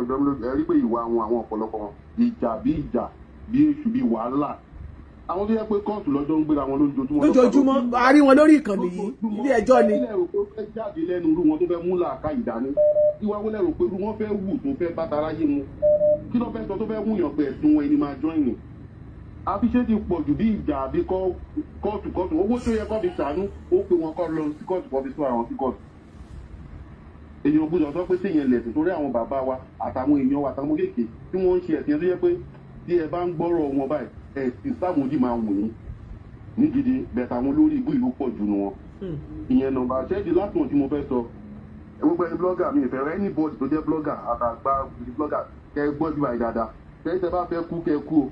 ọjọ́ mi lójú ẹ rí pé ìwà àwọn àwọn ọ̀pọ̀lọpọ̀ wọn ìjà bí ìjà bí èṣù bí wàhálà àwọn tó yẹ pé kóòtù lọ́jọ́ ń gbéra wọn lójoojúmọ́. lójoojúmọ́ a rí wọn lórí ìkànnì yìí ilé ẹjọ́ ni. ilé ẹ̀rọ pé jáde lẹ́nu irú wọn tó fẹ́ mú làákà ìdání ìwà wọlé ẹ̀rọ pé irú wọn fẹ́ wù tó fẹ́ bátara yé mu kí ló fẹ́ sọ tó fẹ́ wúyàn pé ẹ̀sùn wọn ẹni máa jọ ìrìn. àfiṣẹ́ ti pọ̀ jù bí ìjà àbí kóòtù kóòtù owó tó yẹ kó fi ṣàánú ó pé wọn kó lọ sí kóòtù kó fi sún àwọn sí kóòtù èyí ò gbúdọ̀ sọ pé sí ìyẹn lẹ̀sìn torí àwọn bàbá wa àtàwọn èèyàn wa àtàwọn kéèké tí wọ́n ń ṣe ẹ̀sìn ẹ̀ tó yẹ pé bí ẹ bá ń gbọ́rọ̀ wọn báyìí ẹ̀sìn sáwọn ojú máa wù yín ní gidi bẹ̀ẹ̀ táwọn olórí ìbú ìlú pọ̀ jù nù wọn. Hmm. ìyẹn nọ́mbà ṣẹ́ẹ̀dì láti wọn tí mo fẹ́ sọ gbogbo ẹni blọ́gà mi ìfẹ́ rẹ ẹni bọ́ọ̀dì tó jẹ́ blọ́gà àtàgbà blọ́gà kẹ gbọ́ jù báyìí dáadáa tẹ́lẹ̀ tẹ́ bá fẹ́ kú kẹ kú o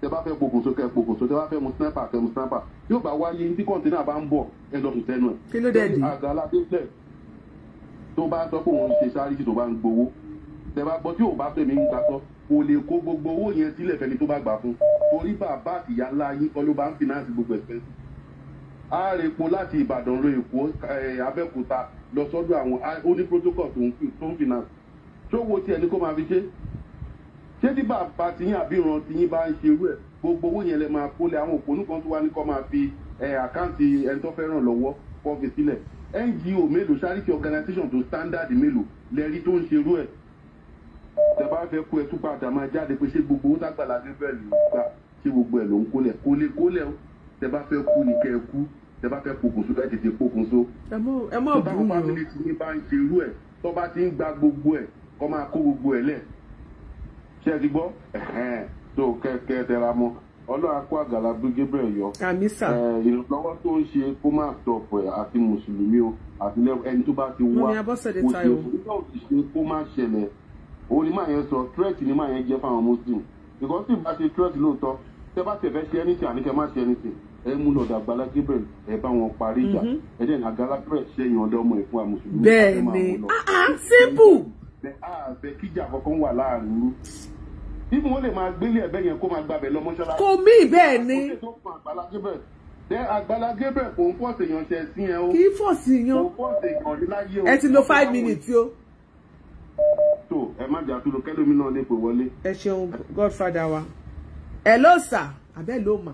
tẹ́ bá fẹ́ pokùnso kẹ pokùnso tẹ́ bá fẹ́ mu sniper kẹ mu sniper yóò bá wáyé ní tí kọ́ńtínà bá ń bọ̀ ẹ lọ sùn sẹ́nu ẹ̀. kí ló dé di àgbàlá dé tó bá sọ pé òun ṣe ṣáríṣì tó bá ń gbowó tẹ bá gbọ́ tí ò bá fẹ́ mi ń gbà sọ kò lè kó gbogbo owó yẹn sílẹ̀ fẹ́ni tó bá gbà fún torí bàbá àtìyá ńlá yín kọ́ ló bá ń fìnáàsì gbogbo ẹ̀sìpẹ́sì àárẹ̀po láti ìbàdàn ro èkó abẹ́òkúta lọ sọ́dọ̀ àwọn oní protocol tó ń fìnáàsì ṣówó tiẹ̀ ni kó máa fi ṣe ṣé tí bàbá tiyín àbí ìran tiyín bá ń ṣerú ẹ̀ gbogbo owó yẹn lẹ máa kó lé àwọn òpónú kan tó wá ní kó máa fi àkáǹtì ẹni tó lọ́wọ́ kó fi sílẹ̀ ngo mélòó charity organisation tó standard mélòó lẹ́rí tó ń ṣerú ẹ̀ tẹ́bá fẹ́ kó ẹ tún padà máa jáde pé ṣé gbogbo owó tágbàlá gẹ́gẹ́ ló ń gbà ṣé gbogbo ẹ̀ ló ń kólẹ̀ kólé kólẹ̀ o tẹ́bá fẹ́ kú ni kẹ́ ẹ kú tẹ́bá fẹ́ pokùn so tètè pokùn so. ẹ mọ ẹ mọ bùn o tó tí ń gba gbogbo ẹ kó máa kó gbogbo ẹ lẹ̀ ṣé ẹ ti gbọ́ ẹ̀hẹ́n tó kẹ́kẹ́ tẹra mọ́ ọlọ́run akó àgàlà bí Gabriel yọ ìrànlọ́wọ́ tó ń ṣe kó má tọ̀pọ̀ àti mùsùlùmí o àti ẹni tó bá ti wá kò ṣe kó ṣe kó má ṣẹlẹ̀ òun ni máa yẹn sọ threat ni máa yẹn jẹ́ fáwọn muslim because tí ìbá ṣe threat lóòótọ́ tẹ́ bá tẹ̀ fẹ́ ṣe anything àníkẹ́ má ṣe anything ẹ mú lọ́dọ̀ àgbàlá Gabriel ẹ bá wọn parí ìjà mhm. ẹ dẹ̀ àgbàlá Gabriel ṣẹ́yìn ọ̀dọ́ ọmọ ibi wọn lè máa gbélé ẹ̀bẹ̀ yẹn kó máa gbàbẹ̀ lọ mọ́ṣáláṣí. kò mí bẹ́ẹ̀ ni. ó lè tó fún Àgbàlá Gabriel Àgbàlá Gabriel kò ń fọ̀sẹ̀ yan ṣe sí ẹ o. kì í fọ̀sẹ̀ yan. kò ń fọ̀sẹ̀ five minutes o. tó ẹ má jà tó lo kẹlómi náà lè pè wọlé. ẹ ṣeun godfather wa ẹ ló sà àbẹ́ ló mà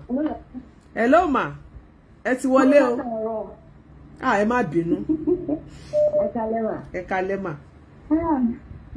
ẹ ló mà ẹ ti wọlé o ah, ẹ má bínú ẹ kalẹ́ mà. calema. kalẹ́ mà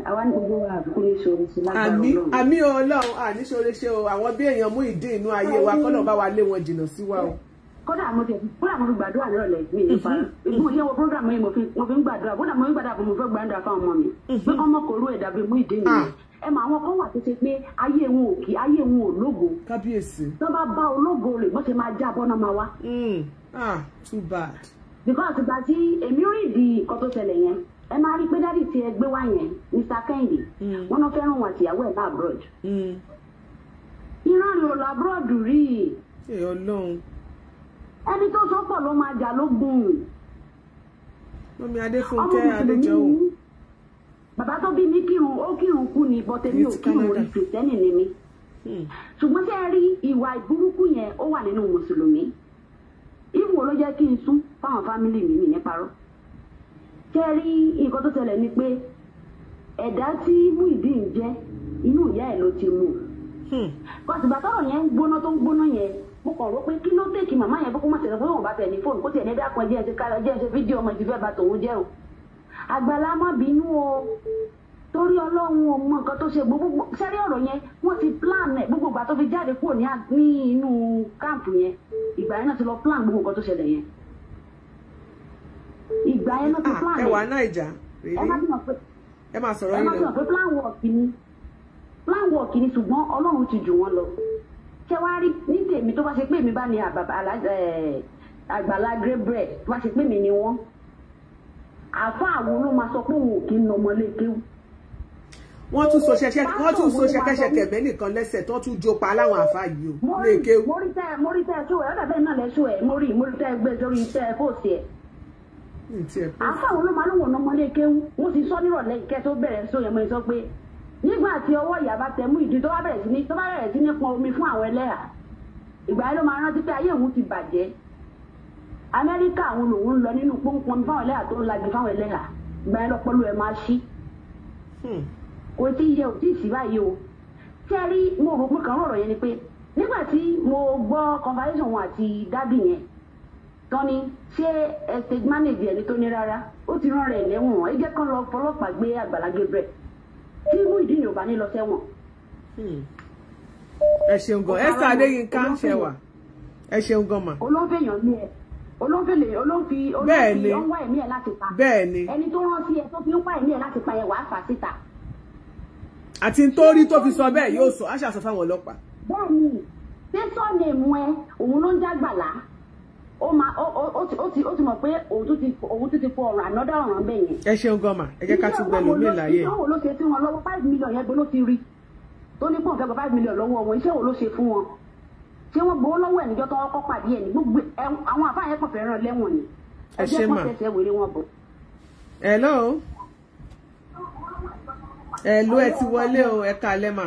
àmì àmì ọlọ́run àníṣoore ṣe o àwọn bí èèyàn mú ìdí inú ayé wa kọ́nà bá wa lé wọn jìnnà sí wa o. kódà mo ti kódà mo fi gbàdúrà nírọ̀lẹ́ mi nípa ìbú iye wo program yìí mo fi mo fi ń gbàdúrà kódà mo fi ń gbàdúrà fún mo fẹ́ gbàdúrà fáwọn ọmọ mi mhm. pé ọmọ kò rú ẹ̀dá bí mú ìdí inú ah. ẹ mà àwọn kan wà tó ṣe pé ayé wọn ò kí ayé wọn ò lógo. kábíyèsí. tó bá bá ológo rè bó ṣe máa já bọ́ná máa wá. Mm. ah too bad. because ìgbà tí èmi rí ìdí nǹkan tó ṣẹlẹ̀ yẹn ẹ máa rí pé dádì tí ẹ gbé wá yẹn Mr Kẹ́hìndé hmm. wọn náà fẹ́ràn wọn àtìyàwó ẹ̀ bá abroad. ìran hmm. ló lọ abroad rí i. ẹ ọlọ́run. ẹni tó sọ́pọ̀ ló máa jà lógun. mọ́mí adéfúnkẹ́ adéjọ́wò. bàbá tó bí mi kírun ó kírun kú ni bọ́tẹ́mí ò kírun orí kìrìsìtẹ́nì ni mi. Hmm. ṣùgbọ́n tẹ́ ẹ rí ìwà ìburúkú yẹn ó wà nínú mùsùlùmí. ìwò ló jẹ́ kí n sún fáwọn fámìlì mi nìyẹn parọ́ ṣe rí nǹkan tó ṣẹlẹ̀ ni pé ẹ̀dá tí Muyideen jẹ́ inú ìyá ẹ̀ ló ti mú un kọ́sìgbà tọ́rọ̀ yẹn ń gbóná tó ń gbóná yẹn mo kàn rò pé kí ló dé kí màmá yẹn fún kó má ṣe fún òun bá tẹ̀ ní fóònù kó tiẹ̀ ní ẹ̀dá kan jẹ́ ẹ̀ṣẹ̀ kára jẹ́ ẹ̀ṣẹ̀ fídíò ọmọ ìdìbò ẹ̀bà tòun jẹ́ o àgbàlá má bínú o torí ọlọ́run ò mọ nǹkan tó ṣe gbogbo sẹ́rí ọ̀rọ̀ yẹn wọ́n ti plan ẹ̀ gbogbo ìgbà tó fi jáde kúrò ní inú káàmpù yẹn ìgbà yẹn náà ti lọ plan gbogbo nǹkan tó ṣẹlẹ̀ yẹn ìgbà yẹn náà ti ah, plan ẹ wà náà ìjà ẹ máa sọ̀rọ̀ yìí lọ. ẹ máa sọ̀rọ̀ pé plan work ni plan work ni ṣùgbọ́n ọlọ́run ti jù wọ́n lọ ṣé wàá rí ní tèmi tó bá ṣe pé èmi bá ní àgbàlá grebre tó bá ṣe pé mi ni wọ́n àfa àwọn ló máa sọ pé òun ò kí ń nọmọ lékéwù wọ́n tún so ṣẹṣẹ wọ́n tún so ṣẹkẹṣẹkẹ mẹ́nìkan lẹ́sẹ̀ tó tún jó pa láwọn àfa yìí o lè kéwu. mo rí tẹ mo rí tẹ tó ẹ ọdọ bẹ́ẹ̀ náà lẹsùn ẹ mo rí mo rí tẹ gbé sórí tẹ fóòsì ẹ àfáwọn ló ọmọlé kéwú mo sì sọ nírọ̀lẹ́ ìkẹ́ tó bẹ̀rẹ̀ sọ yẹn mo pé nígbà tí ọwọ́ ìyá bá tẹ ìdí tó bá bẹ̀rẹ̀ sí ní tó bá bẹ̀rẹ̀ sí ní pọn omi fún àwọn ẹlẹ́hà ìgbà yẹn ló máa rántí pé ayé òun ti bàjẹ́ amẹ́ríkà àwọn lòun lọ nínú pọ́npọ́n fáwọn ẹlẹ́hà tó ń lagi fáwọn ẹlẹ́hà ìgbà yẹn lọ́pọ̀lọ́ ẹ̀ máa ṣí hmm. kò tí ì yẹ ò tí ì sí báyìí o tí a rí mo rò pé kàn rọ̀rọ̀ yẹn ni pé nígbà tí mo gbọ́ conversation wọn àti dábì yẹn tán ni ṣé ẹsẹ mánèjì ẹni tó ní rárá ó ti rán rẹ̀ lẹ́wọ̀n ẹ jẹ́ kán lọ fọlọ́pàá gbé Àgbàlá Gabriel tí mú ìdí ni ò bá ní lọ sẹ́wọ̀n. Hmm. ẹ ṣeun gan Esther Adéyínká ń ṣẹwà ẹ ṣeun gan mà. olóńfẹ́ yàn ní ẹ olóńfẹ́ lè olóńfi olóńfi ọwọ́ ẹ̀mí ẹ̀ láti pa bẹ́ẹ̀ni ẹni tó rán sí ẹ tó fi ń pa ẹ̀mí ẹ̀ láti pa ẹ wàá fà síta. àti nítorí tó fi sọ bẹ́ẹ̀ yóò sọ á ṣàṣọ fáwọn ọlọ́pàá. bẹ́ẹ̀ni ṣé sọ́ọ̀nì ìmú ẹ òun ló ń jágbàlá ó ma ó ti ó ti mọ̀ pé òun ti ti fọ ọ̀rọ̀ ànádà ọ̀ràn bẹ́ẹ̀ yẹn. ẹ ṣeun gọ́mà ẹ jẹ́ ká tún gbẹ lómi láyé. iṣẹ́ wo ló ṣe tí wọn lọ́wọ́ five million yẹn gbóló ti rí tó ní pọ̀ fẹ́ẹ́ five million lọ́wọ́ wọn iṣẹ́ wo ló ṣe fún wọn ṣé wọ́n gbowó lọ́wọ́ ẹ̀ níjọ́ tó kọ́ pàdé ẹ̀ ní gbogbo àwọn àbá yẹn kàn fẹ́ràn lẹ́wọ̀n ni ẹ jẹ́ kó ṣẹ̀ṣẹ̀ wèrè wọn bọ̀. hello hello ẹ ti wọlé o ẹ kalẹ́ mà.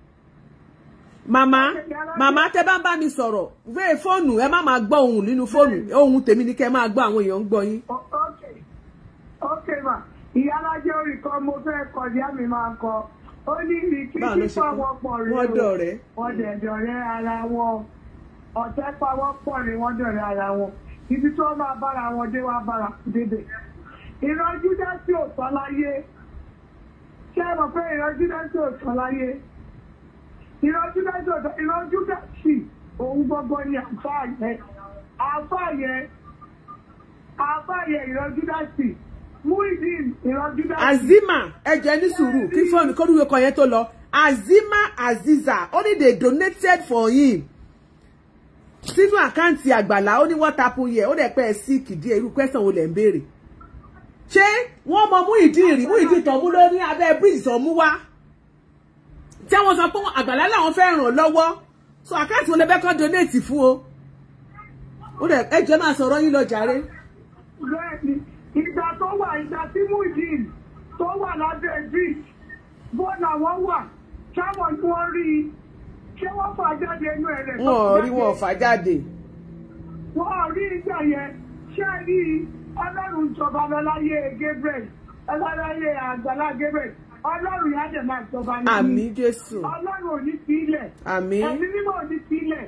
Mama, Mama, tẹ bá ń bá mi sọ̀rọ̀ wé fóònù ẹ má máa gbọ́ ohùn nínú fóònù ohùn tèmi ni kẹ́ máa gbọ́ àwọn èèyàn ń gbọ́ yín. ok ma ìyá alájẹ orin kan mo fẹ́ kọ ìyá mi máa ń kọ ó ní ìrìkí pípa wọn pọ̀ rí o wọ́n dẹ̀ dọ̀rẹ́ ara wọn ọ̀tẹ̀ pa wọ́n pọ̀ rí wọ́n dọ̀rẹ́ ara wọn ibi tí wọ́n máa bára wọn dé wá bára dédè ìrọ̀jú dá sí òtọ́ láyé ṣé ẹ mọ̀ pé ìrọ̀jú dá sí òtọ́ láyé ìrọ̀jú mẹ́sọ̀tọ̀ ìrọ̀jú dàsí òun gbogbo ni àfáà yẹn àfáà yẹn àfáà yẹn ìrọ̀jú dàsí Azima ẹjẹ ní sùúrù kí fóònù kó lóore kan yẹn tó lọ Azima Aziza only they donated for him sínú àkáǹtì àgbàlá ó ní wọ́tapù yẹ ó dẹ̀ pẹ́ ẹ sí kìdí irú kwẹ́sàn olè ń béèrè ṣé wọ́n mọ Muideen rí Muideen tọ́mú lórí abẹ́ bíríìsì ọ̀mú wá tí wọ́n sọ pé àgbàlá làwọn fẹ́ ràn lọ́wọ́ so àkáǹtì wọn lẹ́bẹ̀ẹ́ kan donate fún o ó dẹ̀ ẹ jẹ́ máa sọ̀rọ̀ yín lọ jàre. ìgbà tó wà ìgbà tí Muyideen tó wà lábẹ́ bridge bó làwọn wà táwọn ni wọ́n rí i ṣé wọ́n fà jáde inú ẹ̀rẹ̀ tó jáde. wọn ò rí wọn fà jáde. wọn ò rí ìgbà yẹn ṣé rí ọlọ́run ìjọba lọ́láyé Gabriel ọlọ́láyé àgbàlá Gabriel ọlọ́run yá dẹ̀ máa jọba nínú àmín jésù ọlọ́run ò ní fi ẹ̀mí mímọ́ ò ní fi ilẹ̀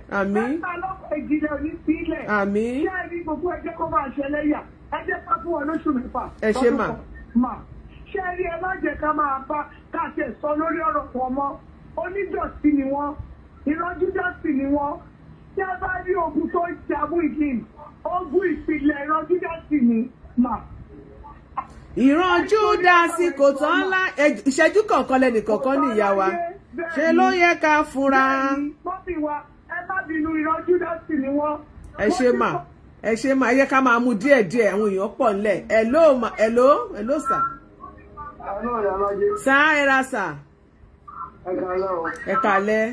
lọ́kọ̀ ìjìnlẹ̀ ò ní fi ilẹ̀ àmín ṣé gbogbo ẹjẹ́ kó máa ṣẹlẹ̀ yà ẹjẹ́ pa fún wọn lóṣù mẹ́fà ẹ ṣe mà mà ṣé ẹni ẹ má jẹ́ ká máa bá káàtì ẹ̀sọ́ lórí ọ̀rọ̀ pọ̀ mọ́ onídọ̀tí ni wọ́n ìrọ́júdọ̀tí ni wọ́n tí a bá rí ogun tó jagun ìdí ogun ìpìlẹ̀ ìrọ́júdọ̀tí ni mà ìran júdásì kò tán ńlá ìṣẹ́jú kọ̀ọ̀kan lẹ́nì kọ̀ọ̀kan ní ìyá wa ṣe ló yẹ ká fura. ẹ ṣe mà ẹ ṣe mà ẹ yẹ ká máa mú díẹ̀ díẹ̀ àwọn èèyàn pọ̀ ńlẹ̀ ẹ ló ẹ ló ẹ ló sà. sà ẹ ra sà. ẹ kàlẹ́.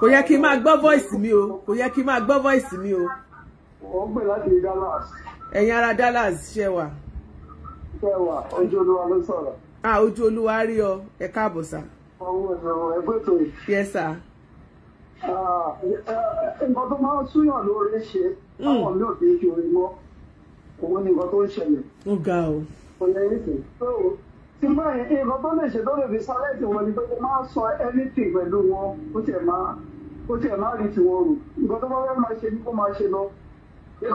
kò yẹ kí n máa gbọ́ voice mi o kò yẹ kí n máa gbọ́ voice mi o. ó ń pè láti Dallas. Enyara ara Dallas ṣe wà. ṣe wà ojú olúwa ló sọ̀rọ̀. ah ojú olúwa rí ọ ẹ káàbọ̀ ẹ̀rọ ẹgbẹ́ tó yìí. yes sà. Ah, nǹkan tó máa ń súyàn lórí ṣe àwọn hmm. mi ò fi ju orin mọ́ òun ni nǹkan tó ń ṣẹlẹ̀. ó ga o. o ti nǹkan tó lè ṣe tó lè fi wọn ni pé kó máa sọ pẹ̀lú wọn tiẹ̀ máa tiẹ̀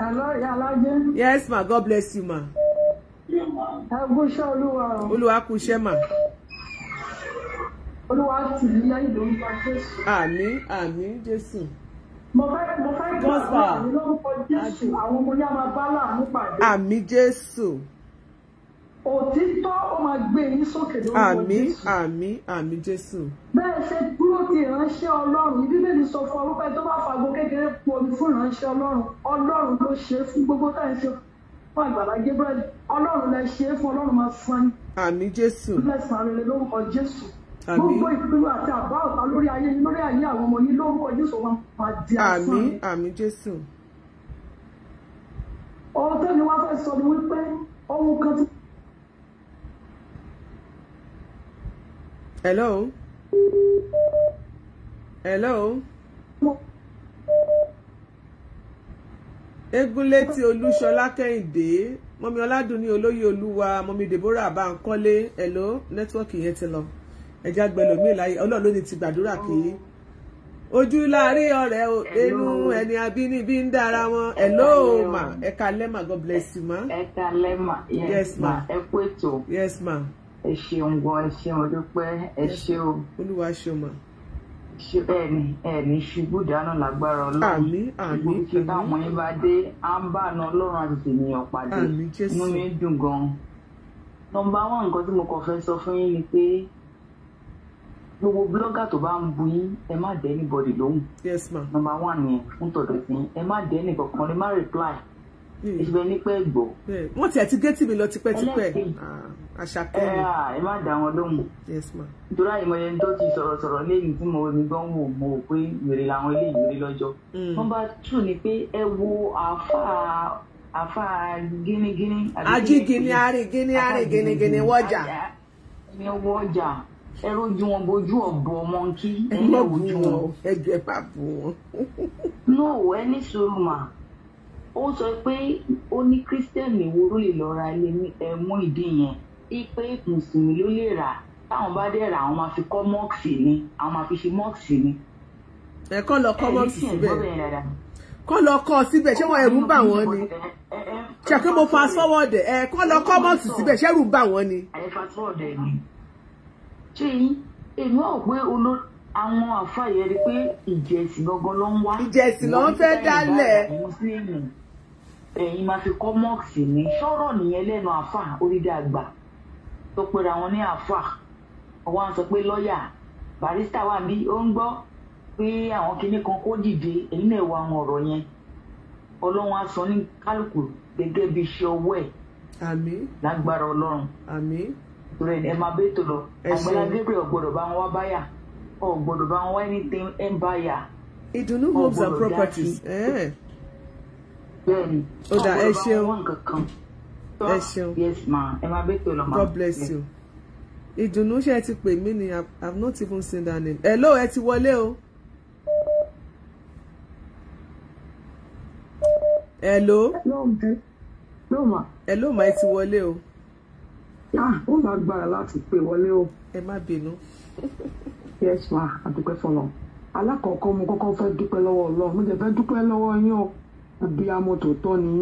Hello, Yalaje. Yes, ma. God bless you, ma. Ẹ gúnṣẹ́ Olúwa. Olúwa kú iṣẹ́, ma. Olúwa tì mí lẹ́yìn ló ń pa Jésù. Àmín, àmín, Jésù. Mo fẹ́ mo fẹ́ gbà pé àmì ló ń kọ Jésù, àwọn a máa bá láàánú pàdé. Àmín Jésù òtítọ́ ó máa gbé yín sókè lórí ọjọ́ Jésù. àmín àmín Jésù. bẹ́ẹ̀ ṣe dúró ti ìránṣẹ́ ọlọ́run bíbélì sọ fún ọlọ́pàá tó bá fagbó kékeré pọ̀ fún ìránṣẹ́ ọlọ́run ọlọ́run ló ṣe é fún gbogbo táyà ṣe fún àgbàlá Gabriel ọlọ́run lẹ ṣe é fún ọlọ́run máa san ni. àmín Jésù. lẹ́sàn-án rere lórúkọ Jésù. gbogbo ìpinnu àti àbá ọ̀tá lórí ayé lórí ayé àwọn ọmọ yìí lórúkọ Jésù wọn máa di asán. àmín àmín Jésù. ohun tó ni wá fẹ́ sọ ni wípé ohun kan tí Hello? Hello? Egunlétí Olúṣọlá Kẹ́hìndé, mọ́mí Ọládùnní Olóyè Olúwa, mọ́mí Deborah Abáńkọ́lé, hello, nẹ́tíwọ́ọ̀kì yẹn ti lọ. Ẹja gbẹlòmíì láyé, Ọlọ́run ló ní ti gbàdúrà kì í. Ojú láàárín ọ̀rẹ́ inú ẹni abínibí ń dára wọn. Hello ma, ẹ̀ka lẹ́mà, God bless you ma. Ẹ̀ka lẹ́mà, yes ma, ẹ ètò. Yes ma. Yes, ma ẹ ṣeun gan ẹ ṣeun ọdúpẹ́ ẹ ṣe o. olúwa ṣe mọ. ṣe ẹni ẹni ṣubú dáná lágbára ọlọ́run. àmín àmín àmín. ṣùgbọ́n táwọn yín bá dé à ń bá àna ọlọ́run àti tènìyàn pàdé. àmín jésù inú mi dùn gan. nọ́mbà wọn nǹkan tí mo kàn fẹ́ sọ fún yín ni pé gbogbo blogger tó bá ń bu yín ẹ má dẹ́ anybody lóhùn. yes ma. nọ́mbà wọn nìyẹn ń tọ̀dọ̀ sí ẹ má dẹ́ ẹnì kankan ẹ má reply ìgbẹ́ nípẹ́ ìgbò. wọ́n ti àti géètì mi lọ tipẹ́tipẹ́ ah, àṣàkẹ́ mi. Eh, ah, ẹ má dá wọn lóhùn. nítorí àyè mọ̀lẹ́ni tó ti sọ̀rọ̀ sọ̀rọ̀ lẹ́yìn tí mo mi gbọ́n wò mo pé wèrè làwọn eléyìí wèrè lọ́jọ́. number two ni pé ẹ wo àáfàá àáfàá gínigíní. ajígini arigini arigini wọ́jà. ni wọ́jà ẹ rojú wọn bojú ọ̀bọ mọ́ńkì. ẹ má bù wọn ẹ jẹ bá bù wọn. no ẹni sùúrù mà ó sọ pé ó ní kírísítẹ́nì ìwúrò lè lọ ra ilé mú ìdí yẹn ipe mùsùlùmí ló lè rà táwọn bá dẹ̀ rà àwọn máa fi kọ́ mọ́ọ̀sì ni àwọn máa fi ṣe mọ́ọ̀sì ni. ẹ kọ́ lọ kọ́ mọ́ọ̀sì síbẹ̀ kọ́ lọ kọ́ síbẹ̀ ṣé wọ́n ẹ̀rù bà wọ́n ni ṣe pé mo fast forward ẹ kọ́ lọ kọ́ mọ́ọ̀sì síbẹ̀ ṣé ẹ̀rù bà wọ́n ni. ẹ fast forward ẹ ni ṣé yín èmi ò pé olórí àwọn àfáà yẹn rí i pé ìjẹ̀sìn gangan ló ń wá. ìjẹ̀sìn ló ń fẹ́ dálẹ̀ ẹ̀yin máa fi kọ́ mọ́ọ̀sì ní sọ̀rọ̀ nìyẹn lẹ́nu àfà orídìí àgbà tó pera wọn ní àfà wọn á sọ pé lọ́ọ̀yà barista wà bí ó ń gbọ́ pé àwọn kinní kan kó dìde èyí náà wà àwọn ọ̀rọ̀ yẹn ọlọ́run á sọ ní kálukú gẹ́gẹ́ bí iṣẹ́ ọwọ́ ẹ̀ àmín lágbára ọlọ́run àmín rẹ̀ ẹ̀ máa bẹ́ẹ̀ tó lọ Agbala Gabriel ọ̀gbọ́dọ̀ bá wọn wá báyà ọ̀gbọ́dọ̀ bá wọn wá anything empire. ìdùnnú homes and properties. Eh. Oh ọ̀pọ̀lọpọ̀ àwọn nǹkan kan ẹ ṣeun yes ma ẹ máa bẹ pẹ̀lú ọmọ god bless you ìdùnnú ṣe ti pè mí ni i have not even seen that name hello ẹ ti hello hello ma Hello, ti wọlé o. ah ó lágbára láti pè wọlé o. ẹ má bínú. yes ma I like àdúpẹ́ fọlọ́ alákọ̀ọ́kọ́ mo kọ́kọ́ fẹ́ dúpẹ́ long. I'm mo jẹ́ fẹ́ dúpẹ́ lọ́wọ́ yín long abiyamọ tòótọ́ ni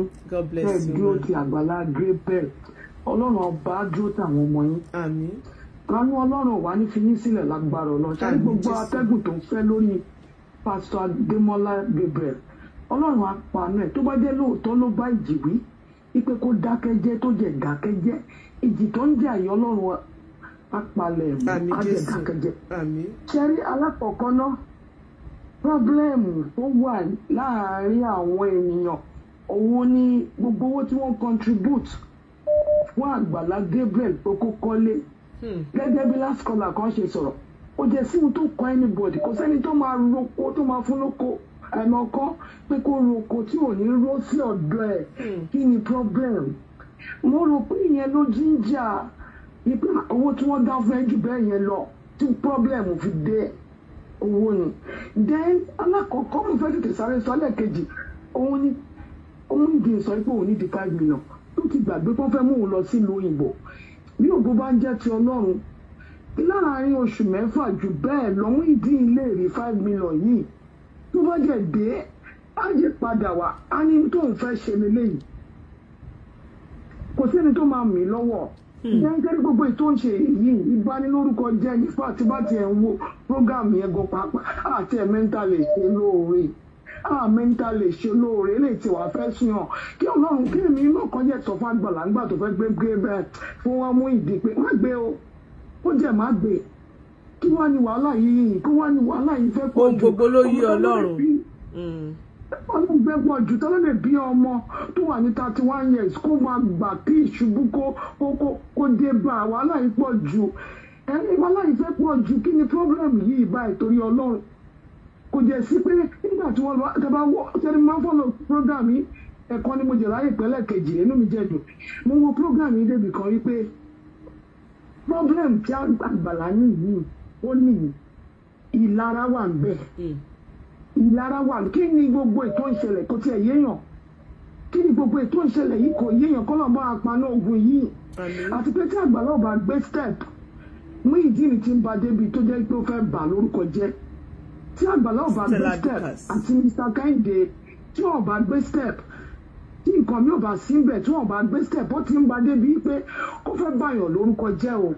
bẹ́ẹ̀ dúró ti àgbàlá Great Pearl ọlọ́run ọba dúró tàwọn ọmọ yín àánú ọlọ́run wà ní fi yín sílẹ̀ lágbára ọlọ́run ṣáà gbogbo atẹ́gùn tó ń fẹ́ lórí pásítọ̀ Adémọ́lá Gabriel ọlọ́run apàánú ẹ̀ tó bá jẹ́ lóòótọ́ ló bá ìjì wí ipe kó dákẹ́jẹ́ tó jẹ́ dákẹ́jẹ́ ìjì tó ń jà yìí ọlọ́run apalẹ̀ ẹ̀mú á dákẹ́jẹ́ ṣẹ́rí alákọ̀ọ́kọ́ náà pírọ́blẹ́mù tó wà láàárín àwọn ènìyàn òun ni gbogbo owó tí wọ́n contribute fún àgbàlá Gabriel tó kó kọ́lé gẹ́gẹ́ bí last caller kan ṣe sọ̀rọ̀ ó jẹ́ síbi tó kọ́ anybody kò sẹ́ni tó máa roko tó máa fún lóko ẹ̀nà kan pé kó roko tí ò ní ró sí ọ̀dọ̀ ẹ̀ hmm. kí ni problem mo rò pé ìyẹn ló jíjà owó tí wọ́n dá fún ẹ jù yẹn lọ tí problem fi dé ẹ̀ owó ni then alákọ̀ọ́kọ́ mo fẹ́ tètè sáré sọ lẹ́ẹ̀kejì òun ni òun di sọ pé òun ní di five million tó ti gbàgbé pé wọ́n fẹ́ mú òun lọ sílùú òyìnbó bí ògbó bá ń jẹ́ ti ọlọ́run láàárín oṣù mẹ́fà jù bẹ́ẹ̀ lọ́wọ́ ìdí ilé rí five million yìí tó bá jẹ́ dé á jẹ́ padà wá á ní tó fẹ́ ṣe lélẹ́yìí kò sẹ́ni tó máa mì lọ́wọ́ jẹ́ńkẹ́rì hmm. gbogbo ètò ń ṣe èyí ìbanilórúkọ jẹ́ nípa àtibátì ẹ̀ ń wo prógáàmù yẹn gan pàápàá àti ẹ̀ mẹ́ńtà lè lóore àmẹ́ńtà lè ṣe lóore lè ti fẹ́ sùn kí ọlọ́run kí èmi náà kan sọ fún àgbàlá ńgbà tó fẹ́ gbé gbé bẹ́ẹ̀ fún wọn mú ìdí pé má gbé o ó jẹ́ má gbé kí wọ́n ní wàhálà yìí kí wọ́n ní wàhálà yìí fẹ́ pọ̀ jù gbogbo ló yí ọlọ́run hmm ọlọ́gbẹ́gbọ́n jù tọ́lọ́ lè bí ọmọ tó wà ní thirty one years kó máa gbà kí ìṣubú kó kó dé bá wàhálà yìí pọ̀ jù ẹni wàhálà yìí fẹ́ pọ̀ jù kí ni problem yìí báyìí torí ọlọ́run kò jẹ́ sí pé nígbà tí wọ́n lọ tẹ́lẹ̀ wọ́ tẹ́lẹ̀ máa ń fọ́lọ̀ program yìí ẹ̀kọ́ ni mo jẹ̀ láyè pẹ́lẹ́ kejì nínú mi jẹ́ dùn mo wo program yìí débi kan wípé problem tí àgbàlá ní yìí ó nìyí ìlara wà ń bẹ̀. Hmm ìlara wà kí ni gbogbo ètò ìṣẹ̀lẹ̀ kò tiẹ̀ yéèyàn kí ni gbogbo ètò ìṣẹ̀lẹ̀ yìí kò yéèyàn kọ́ lọ́ọ́ apaná ogun yìí àti pé tí àgbàlá gbé step mú ìdí mi ti ń ba débi tó jẹ́ pé ó fẹ́ bà lórúkọ jẹ́ tí àgbàlá gbé step àti Mr. Kẹ́hìndé tí wọn bá gbé step tí nǹkan mi ò bá sí tí wọn bá gbé step ó ti ń ba débi pé ó fẹ́ bàyàn lórúkọ jẹ́ o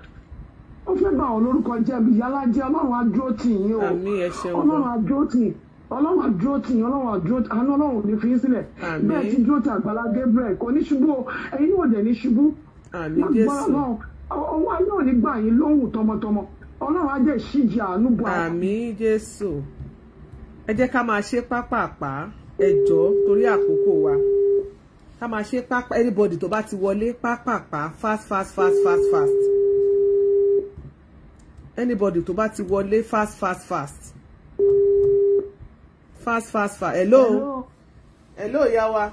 ó fẹ́ bàyàn lórúkọ jẹ́ bí yálà jẹ́ ọlọ́run á dúró tì yín o ọlọ́run á dúró tì yín ọlọ́run àdúró tì yín ọlọ́run àdúró àánú ọlọ́run ní fi sílẹ̀ bẹ́ẹ̀ ti dúró ti àgbàlá Gabriel kò ní ṣubú ẹ̀yin náà dẹ̀ ní ṣubú ọwọ́ ayé ò gbà yín lóhùn tọmọtọmọ ọlọ́run á ìṣíjì àánú bọ̀ àyà. jésù ẹ jẹ́ ká máa ṣe pápápá ẹ torí àkókò wa ká máa ṣe pápá anybody tó bá ti wọlé pápápá fast fast fast fast fast anybody tó bá ti wọlé fast fast fast. fast fast fast fast hello hello, hello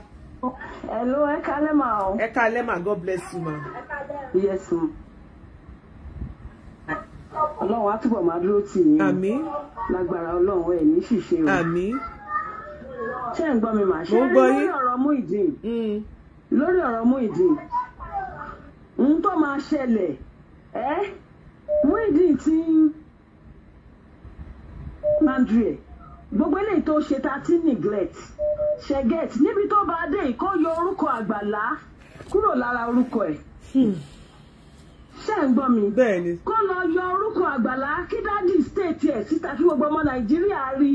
hello Ekalema. kálẹ́ mà god bless you ma. yes ma. ọlọ́run wa túbọ̀ máa dúró tì yín. àmín. lágbára ọlọ́run ẹ̀ ní ṣìṣe o. àmín. ṣé ń gbọ́ mi mà ṣe rí lórí ọ̀rọ̀ Muyideen mm. lórí ọ̀rọ̀ Muyideen ń tó máa ṣẹlẹ̀ ẹ́ Muyideen ti ń mandre gbogbo eléyìí tó ṣe ta ti neglect ṣẹgẹt níbi tó bá dé ìkó yọ orúkọ àgbàlá kúrò lára orúkọ ẹ̀ hmm. ṣe ń gbọ́ mi kó lọ yọ orúkọ àgbàlá kí dádì stéètì ẹ̀ síta kí gbogbo ọmọ nàìjíríà rí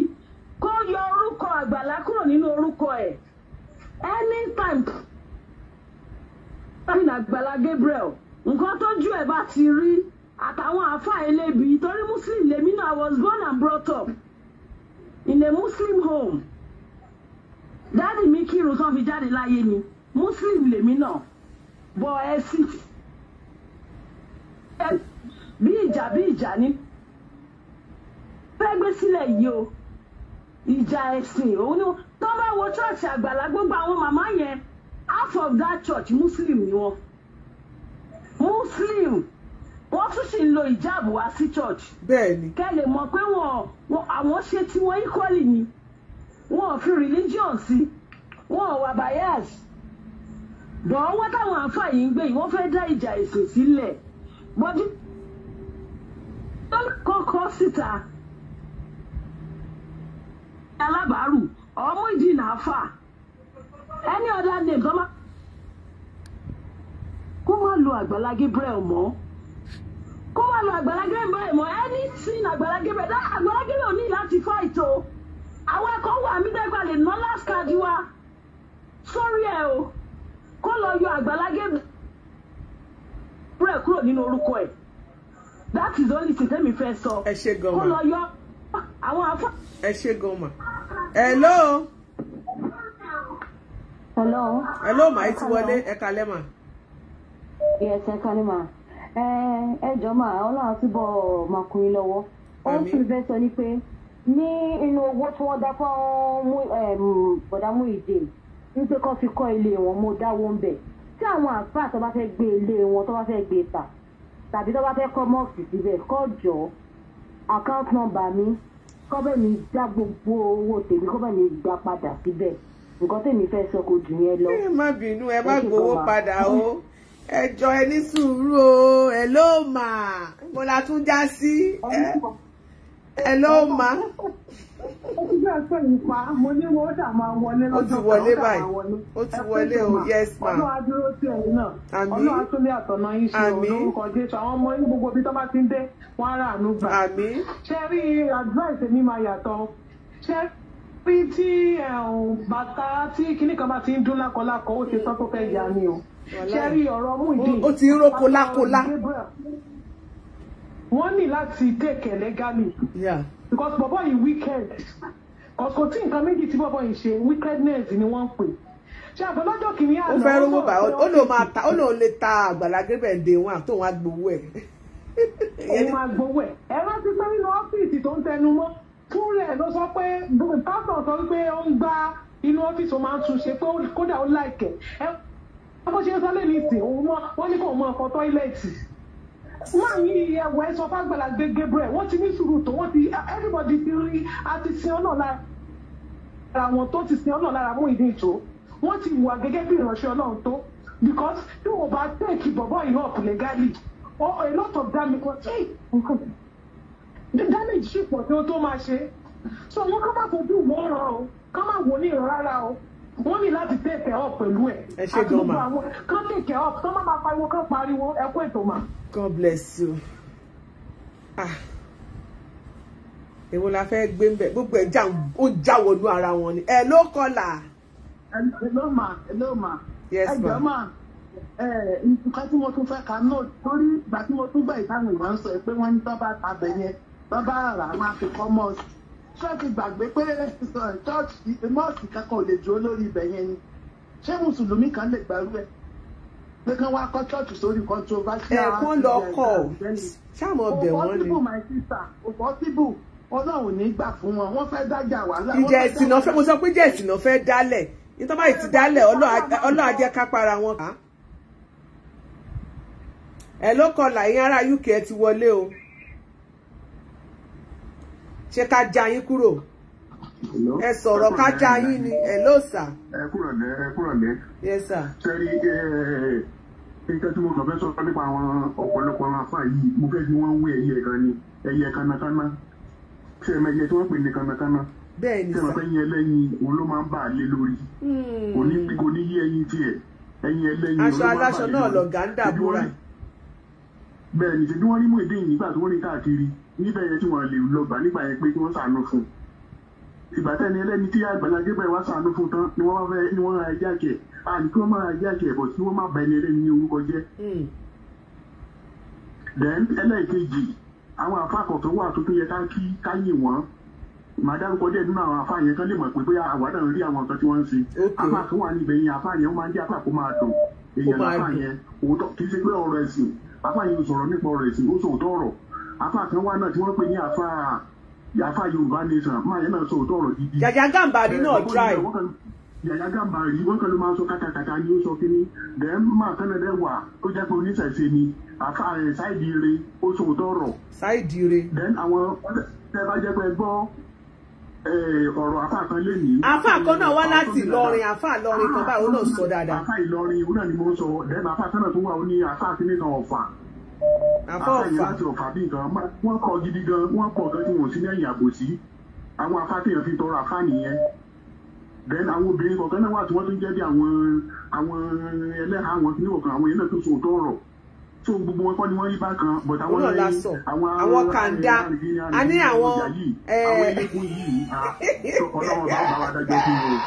kó yọ orúkọ àgbàlá kúrò nínú orúkọ ẹ̀ anytime ẹ̀yìn àgbàlá Gabriel nǹkan tójú ẹ̀ bá ti rí àtàwọn àáfàá ẹlẹ́bi torí muslim lèmi náà I was born and brought up in a muslim home dáàdì mi kírun tán fi jáde láyé ni muslim lèmi náà bọ ẹsìn bí ìjà bí ìjà ni fẹ́ gbé sílẹ̀ yìí o ìjà ẹ̀sìn òun ni tó bá wo church àgbàlá gbogbo àwọn màmá yẹn half of that church muslim ni wọn muslim wọ́n tún sì ń lo ìjáàbù wá sí church. bẹ́ẹ̀ni. kẹ́ lè mọ̀ pé wọn àwọn ṣe tiwọn equally ni wọn ò fi religion sí wọn ò wà bias bọ̀ ọwọ́ táwọn àǹfà yìí ń gbé yìí wọ́n fẹ́ dá ìjà èso sílẹ̀ bọ́dún tó kọ́kọ́ síta alábàárù ọmú ìdìnnà àfà ẹni ọ̀dà nìkan má kó má lo Àgbàlá Gabriel mọ́. kó wà lọ Àgbàlá Gabriel agbalage ẹni tí Àgbàlá Gabriel dá ní láti fight o àwọn ẹ̀kọ́ wà mí bẹ́ẹ̀ gbalẹ̀ ná o kó lọ yọ Àgbàlá Gabriel kúrò nínú orúkọ ẹ. that is only thing tẹ́mi fẹ́ sọ kó lọ yọ àwọn afọ. ẹ ṣe gan ma hello. hello. hello màá ti wọlé ẹ̀ka yes ẹ jọ máa ọlọ́run túbọ̀ máa kún yín lọ́wọ́ ohun tí mo fẹ́ sọ ni pé ní inú owó tí wọ́n dá fún um, um, bọ̀dá Muyideen ń pé kán fi kọ́ ilé wọn mo dáwó ń bẹ̀ tí àwọn àfáà tó bá fẹ́ gbé ilé wọn tó bá fẹ́ gbé ta tàbí tó bá fẹ́ kọ́ mọ́ọ̀sì síbẹ̀ kó jọ account number mi kó bẹ́ẹ̀ mi dá gbogbo owó tèmi kó bẹ́ẹ̀ mi gbà padà síbẹ̀ nǹkan tèmi fẹ́ sọ kò jù yẹn lọ. ẹ má bínú ẹ má gbowó padà o ẹjọ ẹ ní sùúrù o ẹ mà mo la tún já sí ẹ ló mà. ó ti wọlé lọ́jọ́ ó ti wọlé o yes ma ọlọ́run adúró sí ẹ̀yin náà ọlọ́run atúndé àtọ̀nà yín ṣe olórúkọ jésù àwọn ọmọ yín gbogbo ibi tó bá tí bàtà tí kinní bá ti ń dún lákọlákọ ó ti sọ fẹ́ yá ni o ṣẹ́rí ọ̀rọ̀ Muyideen ó ti ń ró kólákólá. wọ́n ní láti tẹ̀kẹ̀ lẹ́gàmì. because bọ́bọ́ yìí wicked kò tí nǹkan méjì tí bọ́bọ́ yìí ṣe wickedness ni wọ́n ń pè ṣé àbọ̀lọ́jọ́ kìíní àná. ó fẹ́ rówó bá ó lóun máa ta ó lóun lè ta Àgbàlá Gabriel dé wọn àti òun á gbowó ẹ̀. òun máa gbowó ẹ̀ ẹ rántí pé nínú ọ́fíìsì tó ń tẹnu mọ́ fún rẹ̀ ló sọ pé pásítọ̀ sọ pé ó ń gba inú ọ́fíìsì ó máa ń túnṣe pé kódà ó láìkẹ̀ bó ṣe ń sálẹ̀ ní ìsìn òun mọ́ wọ́n ní kó o máa fọ tọ́ílẹ̀tì máa ní ẹwọ ẹ sọ fágbàlá Gabriel wọ́n ti ní sùúrù tó wọ́n ti everybody ti rí àti sin ọ̀nà lára wọn tó ti sin ọ̀nà lára mú ìdí ìtò wọ́n ti wà gẹ́gẹ́ bí ìránṣẹ́ Ọlọ́run tó because tí wọ́n bá tẹ́ẹ̀kì bọ̀bọ̀ yìí up legally a lot of damage was hey damage ṣì pọ̀ tí ó tó máa ṣe so wọ́n kọ́ máa fojú wọ́n rán o kọ́ máa wò ní ìrọ̀rá rà o wọ́n ní láti take care of pẹ̀lú ẹ̀ àti gbogbo àwọn kan take care of tán má máa pariwo kan pariwo ẹ kú ètò mà. God bless you. Ah èwo la fẹ́ gbé ń bẹ̀ gbogbo ẹ̀ já ó já wọnú ara wọn ni ẹ ló kọlà. Hello, ma. mà ma. ló mà ẹ jọ mà ẹ nǹkan tí mo tún fẹ́ ka náà torí ìgbà tí mo tún gbà ìtàn ìwà ń sọ pé wọ́n ní bábà tàbẹ̀ yẹn bábà rà máa fi kọ́ mọ́ sí ṣé ti gbàgbé pé eh, chọ́ọ̀chì eh, mọ́ọ̀sì kankan ò lè dúró lórí ibẹ̀ yẹn ni ṣé mùsùlùmí kan lè gbàrú ẹ̀ pé kí wọ́n á kọ́ chọ́ọ̀chì sórí controversial. ẹ̀kún lọ kọ̀ ṣáàmù ọbẹ̀ wọn ni. o possible my sister o possible ọlọ́run ní gbà fún wọn wọ́n fẹ́ dájà wàhálà. ìjà ìsìnà fẹ́ mo sọ pé ìjà ìsìnà fẹ́ dálẹ̀ nítorí báyìí ti dálẹ̀ ọlọ́run á jẹ́ ká para wọn. ẹ̀ ló kọlà ìyẹn ará UK ẹ ti wọlé o ṣé ká já yín kúrò ẹ sọ̀rọ̀ ká já yín ni ẹ ló sà. ẹ kúrò lẹ ẹ kúrò lẹ. yes sir. sẹ́rí nǹkan tí mo kàn fẹ́ sọ̀rọ̀ nípa àwọn ọ̀pọ̀lọpọ̀ àwọn afá yìí mo fẹ́ kí wọ́n wé ẹyẹ kan ni ẹyẹ kanakana ṣe ẹ̀mẹ̀yẹ tí wọ́n pè ní kanakana bẹ́ẹ̀ ni sà ṣe ẹ̀yìn ẹlẹ́yin òun ló máa ń bà á lé lórí hmm. kò ní yí ẹyin tiẹ̀ ẹ̀yìn ẹlẹ́yin òun ló máa ń bà á lé lórí. aṣọ aláṣọ náà lọ̀gá níbẹ̀ yẹn tí wọ́n lè lọ gbà nígbà yẹn pé kí wọ́n sànú fún un ìgbà tẹ́ni ẹlẹ́ni tí Àgbàlá Gabriel wá sànú fún tán ni wọ́n fẹ́ ni wọ́n ra ẹja jẹ àní kí wọ́n má ra ẹja jẹ bọ̀ kí wọ́n má bà ẹni ẹlẹ́ni ní orúkọ jẹ́. Hmm. then ẹlẹ́ẹ̀kejì àwọn afáàkọ̀ tó wà tó tó yẹ ká kí wọ́n màá dárúkọ díẹ̀ nínú àwọn yẹn kán lè mọ̀ pé bóyá rí àwọn nǹkan tí wọ́n ń ṣe tó wà níbẹ̀ afa kan wá náà tí wọ́n pè ní afa afa yorùbá nation máa yẹn náà sọ òótọ́ ọ̀rọ̀ gidi. Yàyà Gàmbàrí náà try. Yàyà Gàmbàrí wọ́n kàn ló máa sọ kàkàkàkà ni ó sọ kíní dẹ́n máa kán lẹ́dẹ̀ wà ó jẹ́ pé oníṣẹ̀ṣe ni afa rẹ̀ ṣáìdì re ó sọ òótọ́ ọ̀rọ̀. ṣáìdì re. dẹ́n àwọn tẹ́ bá jẹ́ pé gbọ́ eh, ọ̀rọ̀ afa kan lè ní. afa kan náà wá láti Ìlọrin afa Ìlọrin kan báwo náà sọ dáadáa. afa Ìlọrin òun náà ni mo sọ dẹ́n afa kan náà tó wà ó ní afa kíní kan ọ̀fà afáàyè láti ọ̀fà bí gan wọ́n pọ̀ gidi gan wọ́n pọ̀ gan tí wọ́n sí lẹ́yìn àbòsí àwọn afátẹ̀yàn fi tọrọ afá nìyẹn then àwọn obìnrin kọ̀ọ̀kan náà wà tí wọ́n tún jẹ́ bí àwọn àwọn ẹlẹ́ha àwọn ní ọ̀kan àwọn yẹn náà tún sùn tó rọ̀ tó gbogbo wọn kọ́ ni wọ́n rí bákan but àwọn ilé àwọn àwọn kàńdá a ní àwọn eh. àwọn ẹlẹ́kùn yìí ọlọ́run bá bá wa dájọ́ fún wọn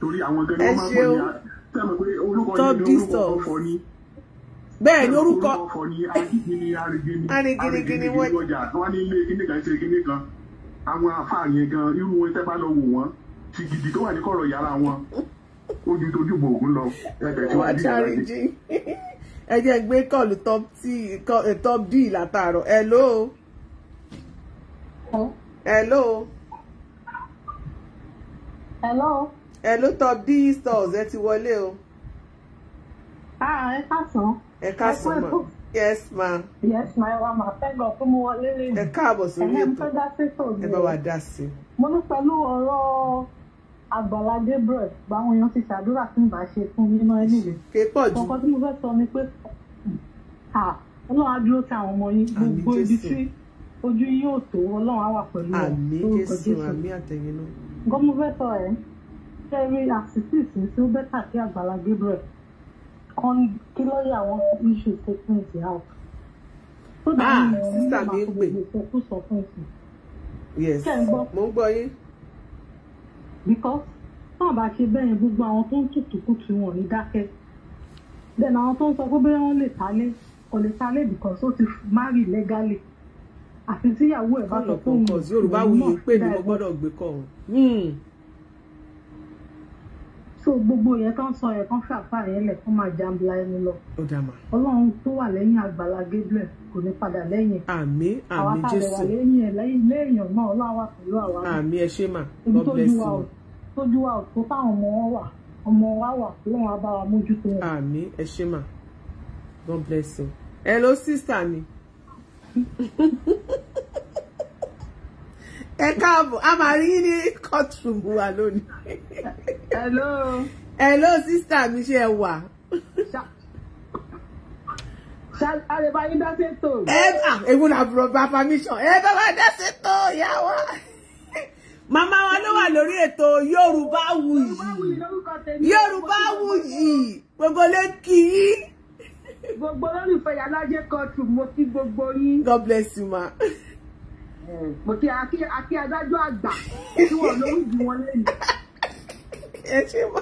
torí àwọn gẹ́gẹ́ wọn máa ń pọ̀ bẹ́ẹ̀ ni orúkọ arìgìnìgìnì wọ́n àwọn afáàrí yẹn gan irú wọn tẹ́ bá lọ wò wọ́n ti gidi tó wà ní kọ̀rọ̀ yàrá wọn ojú tójú bò ògún lọ ẹgbẹ̀ á dì ẹ jẹ́ gbé kọ́ọ̀lù eh, top d látàárọ̀ hello hello hello hello top d stores ẹ ti wọlé o. ah ẹ ká sàn ẹ káàsán ma yes ma yes ma ẹ wá ma fẹ́ gbọ́ fún mi wọlé lè ẹ káàbọ̀ sórí ètò ẹ bá wa dá sí i. mo ní pẹ̀lú ọ̀rọ̀ Àgbàlá Gabriel báwọn èèyàn ti ṣàdúrà fún ìbáṣe fún nínú ẹni rẹ kọkọ tí mo fẹ́ sọ ni pé Ọlọ́run á dúró ti àwọn ọmọ yín gbogbo ibi tí ojú yín ò tó Ọlọ́run á wà pẹ̀lú wọn lórúkọ Jésù gọmọ fẹ́ sọ ẹ ṣe rí àṣìṣì ìsìn tí ó bẹ́tà sí Àgbàlá Gabriel kan kí lọ́ọ̀yà wọn iṣu statement out. tó dáa ní sísà mi ń pè sọ fún ìsìn. yes mo ń gbọ́ yín. because tá a bá ṣe bẹ́ẹ̀ yẹn gbogbo àwọn tó ń tùtùkù tí wọn ní dákẹ́ then àwọn tó ń sọ pé bẹ́ẹ̀ wọ́n lè talé kò lè talé because ó ti marry legally àfi tíyàwó ẹ̀ bá sọ pé òun ò ní mọ̀ dáa ẹ̀ so gbogbo yẹn tó ń sọ yẹn kán fàáfà yẹn lẹ kó máa jàǹbla ẹni lọ ọlọ́run tó wà lẹ́yìn àgbàlá Gabriel kò ní padà lẹ́yìn àmín àmín Jésù àwọn àtàlẹ wà lẹ́yìn ẹ ilé èèyàn náà láwà pẹ̀lú àwa àmín ẹ ṣe mà God bless you tójú wa tó táwọn ọmọ wọn wà ọmọ wa wà lọ́wọ́ abá mójútó wọn. àmín ẹ ṣe mà God bless you hello sister ẹ káàbọ̀ a máa rí ní courtroom wa lónìí. hello. hello sísítà mi ṣe ẹ wà. ewu náà bùrọ̀ permission ẹ bá bá dá sétò ìyá wa. màmá wa ló wà lórí ètò Yorùbá Wuyì Yorùbá Wuyì gbogbo lè kí yí. gbogbo lórí ìfẹ̀yà lájẹ́ courtroom mo kí gbogbo yín. God bless you ma mo kí akí akí adájọ́ àgbà tí wọ́n lówó ju wọn lẹ́yìn. ẹ ṣe mọ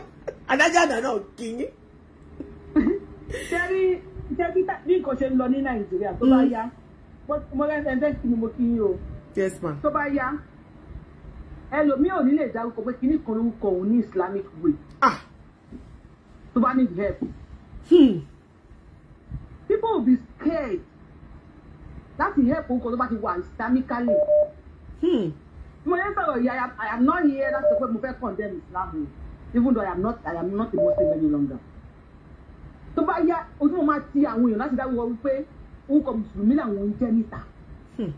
adájọ́ àgbà náà kì í. sẹ́rí sẹ́rí bí nǹkan ṣe ń lọ ní nàìjíríà tó bá mm. yá mo rẹ́ ẹ̀ fẹ́ kí ni mo kí yín o. yes ma. tó bá yá ẹlòmíì ò ní lè dárúkọ pé kíní kan orúkọ òun ní islamic way. ah tó bá need help. Hmm. people will be scared láti help nǹkan tó bá ti wà islamically. Hmm. mo yẹ sọ̀rọ̀ yìí i am not here That's sọ pé mo fẹ́ condemn islam o even though i am not i am not a muslim any longer. tó bá yá ojú mo máa ti àwọn èèyàn láti dáwọ́ wípé orúkọ mùsùlùmí làwọn ń jẹ́ níta. Hmm.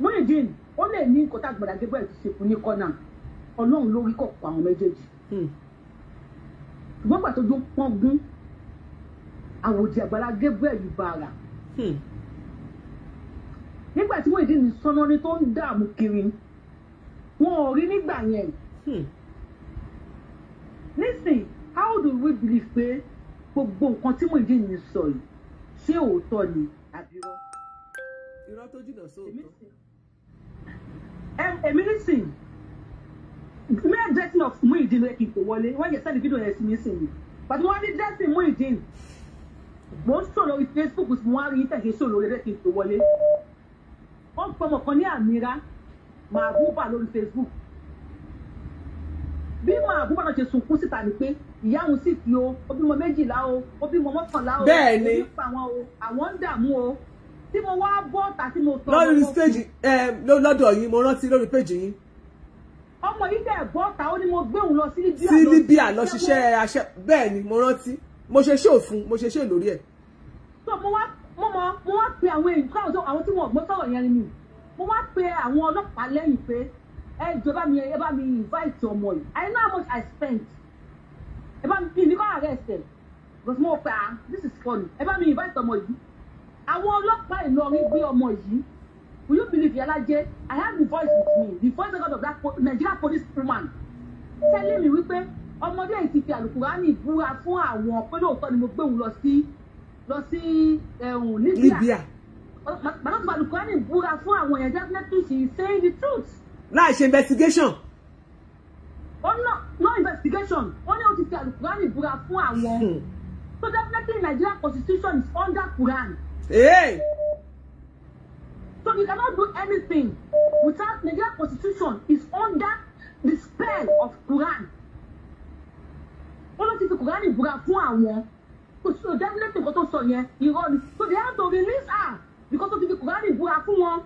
Muyideen ó lè ní nǹkan tá àgbàdo àgbẹ̀bọ̀ ẹ̀ ti ṣe fún ní kọ́nà ọlọ́run ló rí kọ̀ọ̀kan àwọn méjèèjì. Hmm. ṣùgbọ́n pàtó ojú pọ́n gún àwòdì àgbàlá Gabriel Ubara hmm. nígbà tí Muyideen Sọnọrí tó ń dààmú kiri wọn ò rí nígbà yẹn hmm. nísìn how do we believe pé gbogbo nǹkan tí Muyideen sọ yìí ṣé òótọ́ ni àbí irọ́. irọ́ tó jìnnà sóòótọ́. èmi nísìn mere dressing of Muyideen rẹ kì í kò wọlé wọ́n yẹ sẹ́ni fídíò yẹn sí nísìn yìí pàtó wọ́n ní dressing Muyideen mo ń sọ̀rọ̀ lórí Facebook tí mo wá rí tẹ̀sí sọ̀rọ̀ lórí ẹ̀kí tó wọlé wọ́n pọ̀ ọmọ kan ní àmìra màbúbà lórí Facebook bí màbúbà náà ṣe sunkún síta ni pé ìyá òun sì fi o ó bímọ méjìlá o ó bímọ mọ́kànlá o bẹ́ẹ̀ ni àwọn ń dààmú o tí mo wá bọ́ ọ̀tà tí mo tọ́ lórí stage eh, lọ́dọ̀ yìí mo rántí lórí péjì yìí. ọmọ yìí dẹ̀ bọ́ ọ̀tà ó ní mo gbé òun lọ sí Libya lọ ṣiṣẹ́ bẹ́ẹ̀ ni mo rántí mo ṣe ṣe òfun mo ṣe ṣe lórí ẹ̀. so mo wá mo mọ mo wá pe àwọn èèyàn àwọn tí wọn ò gbọ́ sọ̀rọ̀ yẹn ni mo wá pe àwọn ọlọ́pàá lẹ́yìn pé ẹ jọba mi ẹ bá mi invite ọmọ yìí i know how much i spent ẹ bá mi pin ní kọ́ arrest ẹ because mo pe ah, this is funny ẹ bá mi invite ọmọ yìí àwọn ọlọ́pàá Ìlọrin gbé ọmọ yìí will you believe Yalaje i have the voice with me the voice of God of that Nigeria police woman telling me wípé ọmọdé yìí ti fi àlùkùránì búra fún àwọn pé lóòótọ́ ni mo gbé òun lọ sí lọ sí Libya bàbá mi àlùkùránì búra fún àwọn yẹn definitely she is saying the truth. láì ṣe investigation. ó ná no investigation ó ní ó ti fi àlùkùránì búra fún àwọn hmm. so definitely Nigeria constitution is under Quran. Hey. So you cannot do anything without Nigeria constitution is under the spell of Quran ó ló ti fi kùránì búra fún àwọn kò sí ò definitely nǹkan tó sọ yẹn irọ́ ni so they have to release her because ó ti fi kùránì búra fún wọn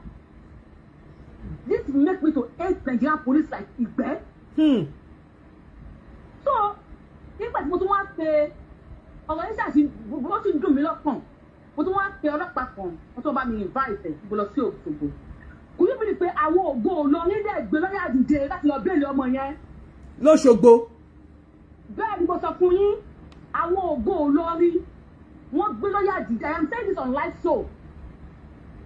this make me to hate Nigerian police like ìgbẹ́. Hmm. so nígbà tí mo tún wá pe ọ̀rọ̀ yìí ṣàṣì bó ti dùn mí lọ́kàn mo tún wá pe ọlọ́pàá kan wọ́n tún bá mi invite mo lọ sí Òṣogbo kò yí mi ni pé àwọn ògbó Olórin lè gbé lọ́yà dìde láti lọ bẹ́ẹ̀lì ọmọ yẹn. lọ́sọ̀gbọ́ bẹ́ẹ̀ ni mo sọ fún yín àwọn ògo olórí wọ́n gbé lọ́yà dìde i am saying this on live show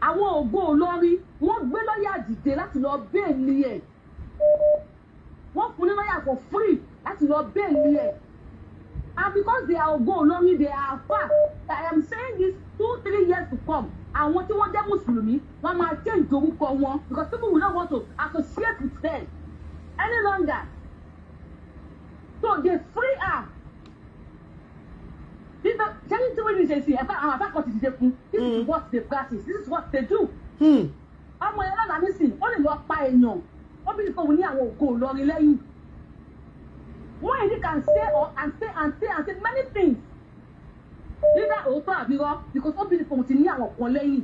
àwọn ògo olórí wọ́n gbé lọ́yà dìde láti lọ béèlì ẹ̀ e. wọ́n fún ní lọ́yà for free láti lọ béèlì ẹ̀ e. and because they are ògo olórí they are far i am saying this two three years to come àwọn tí wọ́n jẹ́ mùsùlùmí wọ́n máa change orúkọ wọn because people will not want to associate with them any longer so they free her this na jẹ́ni tí wọ́n yìí ṣe sí ẹ̀fẹ́ àwọn àbákọ̀ ti ṣe fún this is hmm. what they practice this is what they do. Hmm. ọmọ yẹn lọ́la nísìn ó lè lọ pa èèyàn obìnrin kan wò ní àwọn ògo Ìlọrin lẹ́yìn wọ́n yìí can say or and say and say and say many things nígbà òótọ́ àbírọ́ because obìnrin kan ti ní àwọn kan lẹ́yìn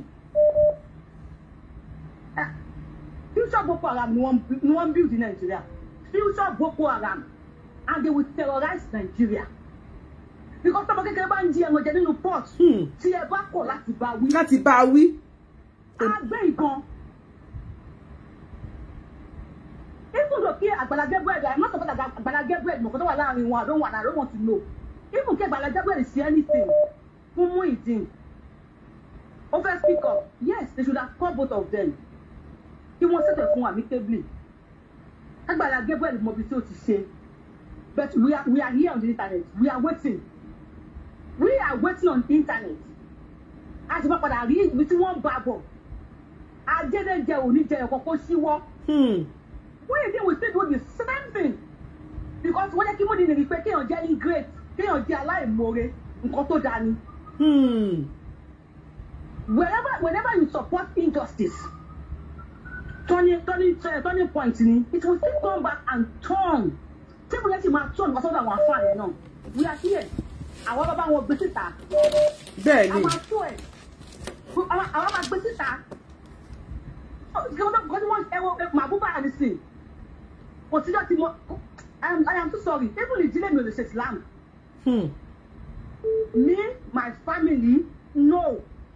ah, future Boko Haram ni wọ́n build ní Nàìjíríà future Boko Haram and they will terrorize Nigeria because tọmọ kékeré bá ń jí ẹran jẹ nínú port hmm. tí ẹ bá kọ̀ láti bá wí. láti bá wí. a gbé ìbọn. even though kí Agbala Gabriel i'm not about Agbala Gabriel mọ̀kọ́ tó wà láàrin wọn àdó wọn àdó wọn ti lò even kí Agbala Gabriel ṣe anything fún mú ìdín ó fẹ́ speak up yes they should have called both of them kí wọ́n ṣètò fún amicably Agbala Gabriel mọ̀ bí tí ó ti ṣe. But we are, we are here on the internet. We are waiting. We are waiting on the internet. A ti máa padà rí ibi tí wọ́n ń bá bọ̀. Ajẹ́dẹ́jẹ ò jẹ ẹ̀kọ́ kó síwọ́. Wọ́n yìí dé we still do the same thing. Because wọ́n jẹ́ kí Múdi nìyí pé kéèyàn jẹ́ ingrate, kéèyàn jẹ́ aláìmoore, nǹkan tó dáa ni. Hmm. Whenever whenever you support injustice, turning turning turning point ni, it will still come back and turn tẹ́kù yẹn sì máa tọ́ nípa sọ́dọ̀ àwọn afá rẹ̀ náà we are here àwọn bàbá wọn gbé síta bẹ́ẹ̀ ni àwọn ató ẹ̀ àwọn bá gbé síta gọ́dọ̀ wọn ẹwọ màbúbà àdìsí kò síjọ́ tí mo I am too sorry even ìdílé mi ò lè ṣe Islam hmm. me my family no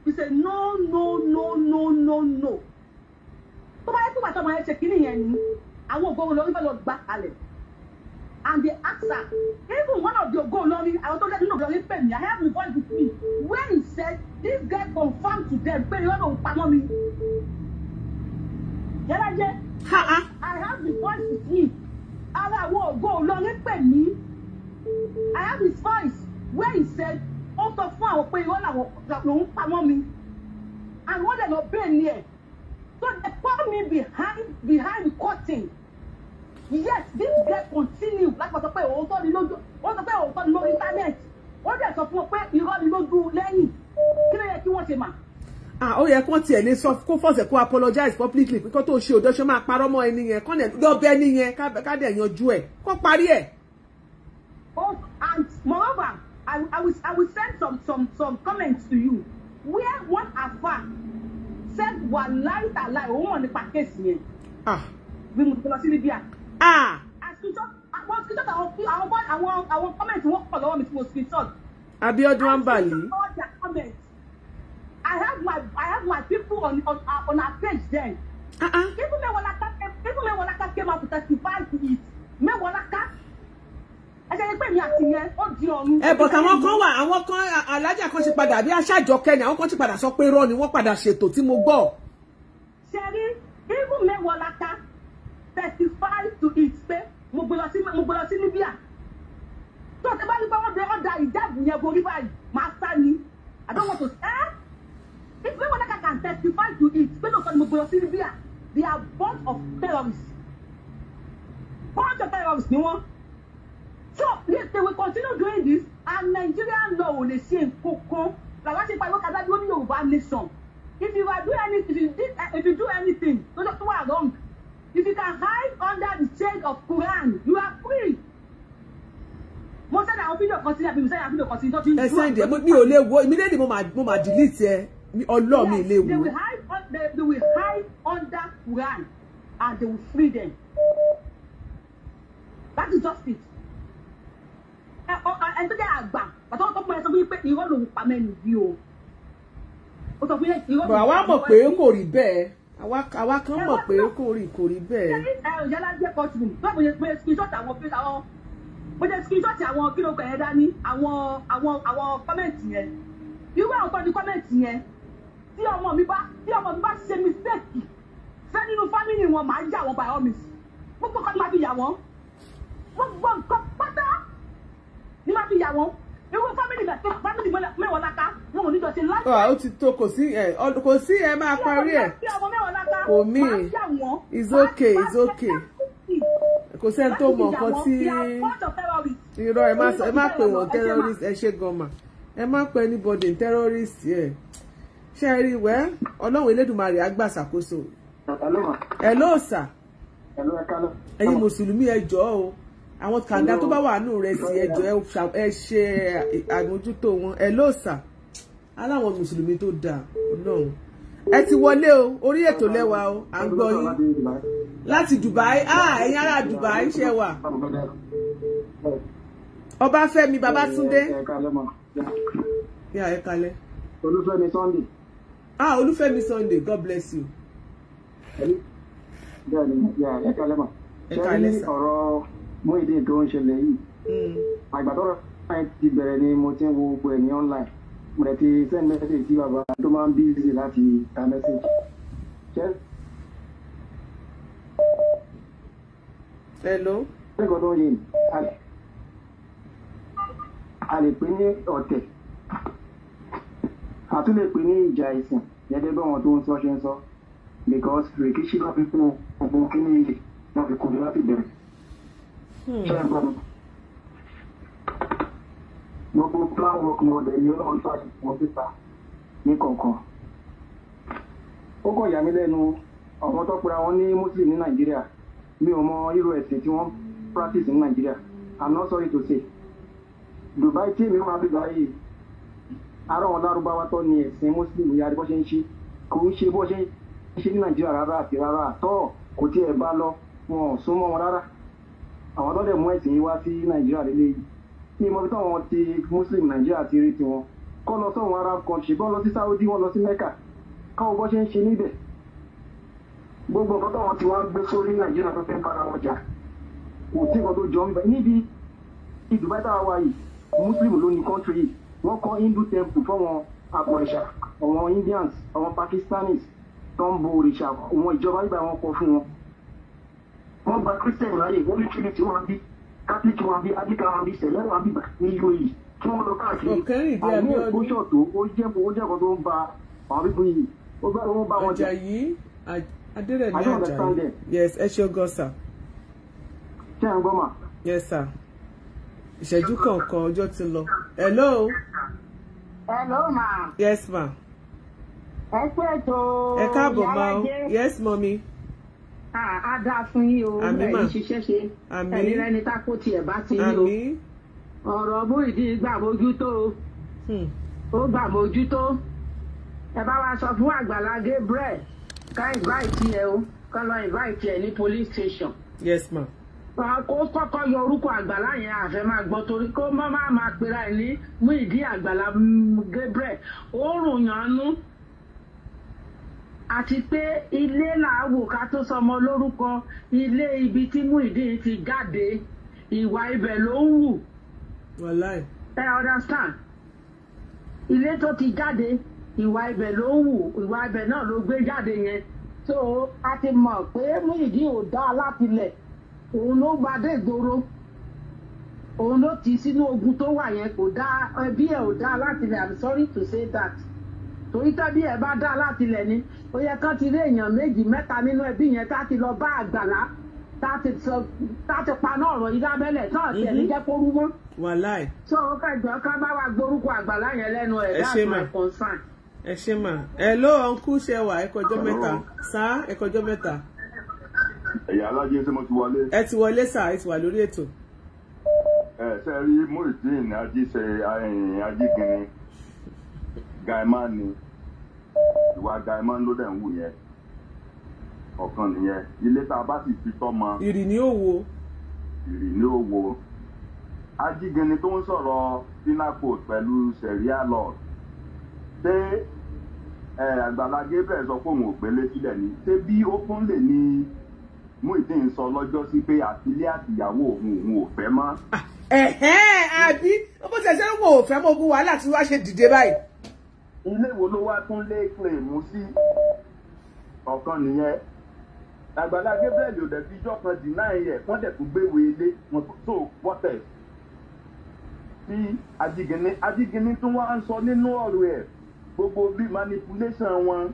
we say no no no no no no tó bá yẹ kó bàtà ọmọ yẹn ṣe kínní yẹn ni àwọn ògbóhùn lórí bẹ́ẹ̀ lọ gbá kalẹ̀ and they asked her even one of the go Ogolori àwọn tó lẹ́nu Ogolori pè me. I have the voice with me when he said this guy confirmed to them pay you lòun pamọ́ mi. Jẹ́lájẹ́ I I have the voice with me ara àwọn Ogolori pay me. I have his voice When he said ó sọ fún àwọn pé irọ́ lòun pamọ́ mi and wọ́n dẹ̀ not bẹ́ẹ̀ me, ẹ̀ so they call me behind behind curtain yes this girl continue láti sọ pé òótọ́ ni lójú wọ́n sọ pé òótọ́ ni lórí internet wọ́n dẹ̀ sọ fún wọn pé irọ́ ni lójú lẹ́yìn kí ló yẹ kí wọ́n ṣe mà. ah ó yẹ kó tiẹ̀ ní sọ kó fọ̀sẹ̀ kó apologize publicly pé kó tó ṣe òdo ṣe máa parọ́ mọ́ ẹni yẹn kọ́nẹ̀ lọ́bẹ̀ ẹni yẹn ká dẹ̀ yanjú ẹ̀ kó parí ẹ̀. oh and moreover I, I, will, I will send some some some comments to you where one afa said wàhálà ìtàlá òun ò nípa kéèsì yẹn. ah bí mo ti lọ sí Libya Ah. àwọn kọ́mẹ̀ntì wọn pọ̀ lọ́wọ́ mi tí mo screenshot. Abiodun Ambali. I have my I have my people on on, on our page then. Uh-uh. Even Mewolaka even Mewolaka came out to testify to it. want to I me me. a Oh dear Eh, but Mewolaka ẹ bọ̀ to kan wà àwọn kan to kan ṣe padà bí aṣáájọ kẹni àwọn kan ṣe padà sọ pé irọ́ ni wọ́n padà ṣètò tí mo gbọ́. ṣe rí irú Mewolaka testify to it pé mo gbé lọ sí mo gbé lọ sí Libya tó o ti bá rí pé wọ́n bẹ ọ̀dà ìjáàbù yẹn borí báyìí máa sá ni I don't want to ẹ́ eh? if people like I can testify to it pé lóòótọ́ ni mo gbé lọ sí Libya they are born of terrorists born of terrorists ni wọ́n so yes they will continue doing this and Nigerian law ò lè ṣe nǹkan kan làwọn ṣe pariwo kájá dúró ní Yorùbá nation if you are do anything if you do anything tó tó wà wrong If you can hide under the shade of Quran, you are free. Mo send àwọn fídíò kan sí ẹbí mi send àwọn fídíò kan sí ìtọ́jú ìlú. Ẹ send ẹ mi ò lè wo immediately mo máa mo máa delete ẹ ọlọ́ọ̀ mi lè wo. They will hide they, they will hide under Quran and they will free them. That is justice. it. Ẹni tó jẹ́ àgbà pàtó tó mọ ẹ sọ fún yín pé irọ́ lòun pa mẹ́nu bí o. Ó sọ fún yín irọ́ lòun pa mẹ́nu bí o. Bàbá wa mọ̀ pé kò rí bẹ́ẹ̀ àwa kan mọ̀ pé kò rí kò rí bẹ́ẹ̀. ìyá ládé kọ́ọ̀tù mi báwo ni pé screenshot àwọn pé àwọn mo jẹ́ screenshot àwọn kílókò yẹn dání àwọn àwọn àwọn kọ́mẹ̀ntì yẹn irú àwọn tó kọ́mẹ̀ntì yẹn tí ọmọ mi bá tí ọmọ mi bá ṣe mistake fẹ́ nínú fámìlì wọn màá yà wọn by all gbogbo kan ní ma fi yà wọn gbogbo nǹkan pátá ní ma fi yà wọn. Oh, fámìlì fámìlì mẹ́wọ̀n láká wọn ò ní jọ ṣe láti. ó ti tó kò sí eh, ẹ kò it's okay it's okay kò sẹ́ni tó mọ̀ nǹkan tí irọ́ ẹ má pè wọ́n terrorist ẹ ṣe gọ́mà ẹ má pè anybody terrorist ẹ we rí wẹ́ ọlọ́run elédùnmarè á gbà ṣàkóso. ẹ lóòsà ẹ̀yin mùsùlùmí ẹ jọ̀ọ́ o àwọn kàńdá tó bá wà nù rẹ̀ sí ẹjọ́ ẹ ṣe àmójútó wọn ẹ lóòsà aláwọn mùsùlùmí tó dáa ọlọ́run ẹ ti wọlé o orí ètò lẹ́wà o à ń gbọ́ yín láti Dubai ah ẹ̀yin ará Dubai ṣe wà Ọbáfẹ́mi Babátúndé yà ẹ kalẹ̀. Olúfẹ́mi Sunday. ah Olúfẹ́mi Sunday God bless you. bẹ́ẹ̀ni yà ẹ kalẹ̀ mọ. ẹ kalẹ̀ sà. Muyideen tó ń ṣẹlẹ̀ yìí hmm. àgbàtọ́rọ̀ láì ti bẹ̀rẹ̀ ni mo ti ń wo gbogbo ẹ̀ online mo rẹ̀ ti send message sí bàbá tó máa ń busy láti ta message. hello. lẹ́kọ̀ọ́ tó ń yé a lè pè ní ọ̀tẹ̀ a tún lè pè ní ìjà ìsìn gẹ́gẹ́ bí àwọn tó ń sọ ṣe ń sọ because rèkíṣí ló fi kún ọgbọ́n kí ni wọ́n fi kún mi láti bẹ̀rẹ̀ ṣẹ́gun gbogbo plan work ni ọ̀dẹ̀ ni ọlọ́run tó àṣìṣe wọn síta ní kọ̀ọ̀kan ó kàn yà mí lẹ́nu àwọn tó pera wọn ní muslim ní nàìjíríà mi ò mọ irú ẹ̀sìn tí wọ́n practice ní nàìjíríà i'm not sorry to say dubai tí èmi máa fi gbà yìí ara àwọn lárúbáwá tó ní ẹ̀sìn muslim yàrá bó ṣe ń ṣe kò ń ṣe bó ṣe ń ṣe ní nàìjíríà rárá àti rárá àtọ́ kò tiẹ̀ bá lọ wọn ò súnmọ́ wọn rárá àwọn tó dẹ̀ mú ẹ̀sìn yìí wá sí nàìjíríà lélẹ̀ yìí ní ìmọ̀ tó wọn ti muslim nàìjíríà ti rí tiwọn kọ́ lọ sọ́run arab country bọ́ lọ sí saudi wọ́n lọ sí mecca káwọn bọ́ ṣe ń ṣe níbẹ̀ gbogbo nǹkan táwọn ti wá ń gbé sórí nàìjíríà tó fẹ́ bára wọn jà kò tí nǹkan tó jọ ń bẹ níbi dubai tá a wà yìí muslim ló ní country yìí wọ́n kọ́ hindu temple fọ́wọn àbọ̀rìṣà àwọn indians àwọn pakistanis tó ń bo òrìṣà àwọn ìjọba ìgbà wọn kọ fún wọn wọ́n gba christian láàyè wọ́n ní trinity wọn bí catholic wọn bí abika wọn bí sẹ̀lẹ̀ wọn bí ní uae tí wọ́n lọ káàkiri àwọn ìgbóṣọ̀ ó jẹ́ ó jẹ́ kan tó ń ba àwọn bíbí yìí ó bá wọn bá wọn jà. Àjàyí Adérẹ̀mí Àjàyí yes ẹ ṣe ogan sir. ṣé ẹ ń gbọ́ mà. yes sir ìṣẹ́jú kọ̀ọ̀kan ọjọ́ ti lọ hello. hello ma. yes ma. ẹ pẹ́ tó. ẹ káàbọ̀ ma o yes mọ́mi a dáa fún yín o ẹ̀yin ṣiṣẹ́ ṣe ẹ̀yin rẹ́ni tá kó tiẹ̀ bá ti yín o ọ̀rọ̀ Muyideen gbà mójútó o hmm. ó gbà mójútó ẹ bá wa sọ fún Àgbàlá Gabriel ká invite ẹ o ká lọ invite ẹ ní police station. yes ma. kó kọ́kọ́ yọ orúkọ Àgbàlá yẹn àfẹ́ máa gbọ́ torí kó mọ́ máa máa pera ẹ̀ ní Muyideen Àgbàlá mm, Gabriel ó rùn yàn án nú. àti pé ilé làwò ká tó sọmọ lórúkọ ilé ibi tí Muyideen ti jáde ìwà ibẹ̀ ló ń wù. ẹ understand ilé tó ti jáde ìwà ló ń wù ìwà náà ló gbé jáde yẹn so a ti mọ̀ pé Muyideen ò dá alátìlẹ̀ òun ló gbadé ìgboro òun ló ti sínú ogun tó wà yẹn kò dá ẹbí ẹ ò dá I'm sorry to say that. torí tọ́bí ẹ̀ bá dá látìlẹ̀ ni ó yẹ kán ti rí èèyàn méjì mẹ́ta nínú ẹbí yẹn tá ti lọ bá àgbàlá tá ti paná ọ̀rọ̀ yìí lábẹ́lẹ̀ náà tiẹ̀ ní mhm. jẹ́ kó rú mọ́. wàláì. sọ wọn kẹjọ ká bá wa gborúkọ àgbàlá yẹn lẹ́nu ẹ̀ that's my concern. ẹ ṣe mà ẹ ló ọ̀nkú ṣe wà ẹ̀kọ́jọ́ mẹ́ta sá ẹ̀kọ́jọ́ mẹ́ta. ẹ̀yà alájẹ ṣé mo ti wọlé. ẹ ti wọlé sá ẹ ti wà lórí ètò. ẹ ṣe rí Muyideen ajíṣe ajígini gaimani ìwà gaimọ ló dẹ̀ ń wù yẹn ọ̀kan nìyẹn ilé tá a bá sì fi tọ́mọ. ìrì ni ó wo. ìrì ni ó wo. ajígẹni tó ń sọ̀rọ̀ sinapo pẹ̀lú sẹ̀ríà lord ṣé àgbàlá gabriel sọ pé òun ò gbélé sílẹ̀ ni ṣé bí ó fún lè ní Muyideen sọ lọ́jọ́ sí pé àtìlé àtìyàwó òun òun ò fẹ́ mọ́. Ah, ẹ̀hẹ́n àbí ó bó tẹ̀sẹ̀ ń wò ó fẹ́ mọ́ ogun wàhálà tí wàá ṣe dìde báyìí ilé wo ló wá tún lé claim sí ọ̀kan nìyẹn Àgbàlá Gabriel ò dẹ̀bi ijọ́ kan dì náà yẹ wọ́n dẹ̀ tún gbéwò ilé wọn tó wọ́tẹ̀ sí Ajígínní Ajígínní tún wá ń sọ nínú ọ̀rọ̀ ẹ̀ gbogbo bí manipulation wọn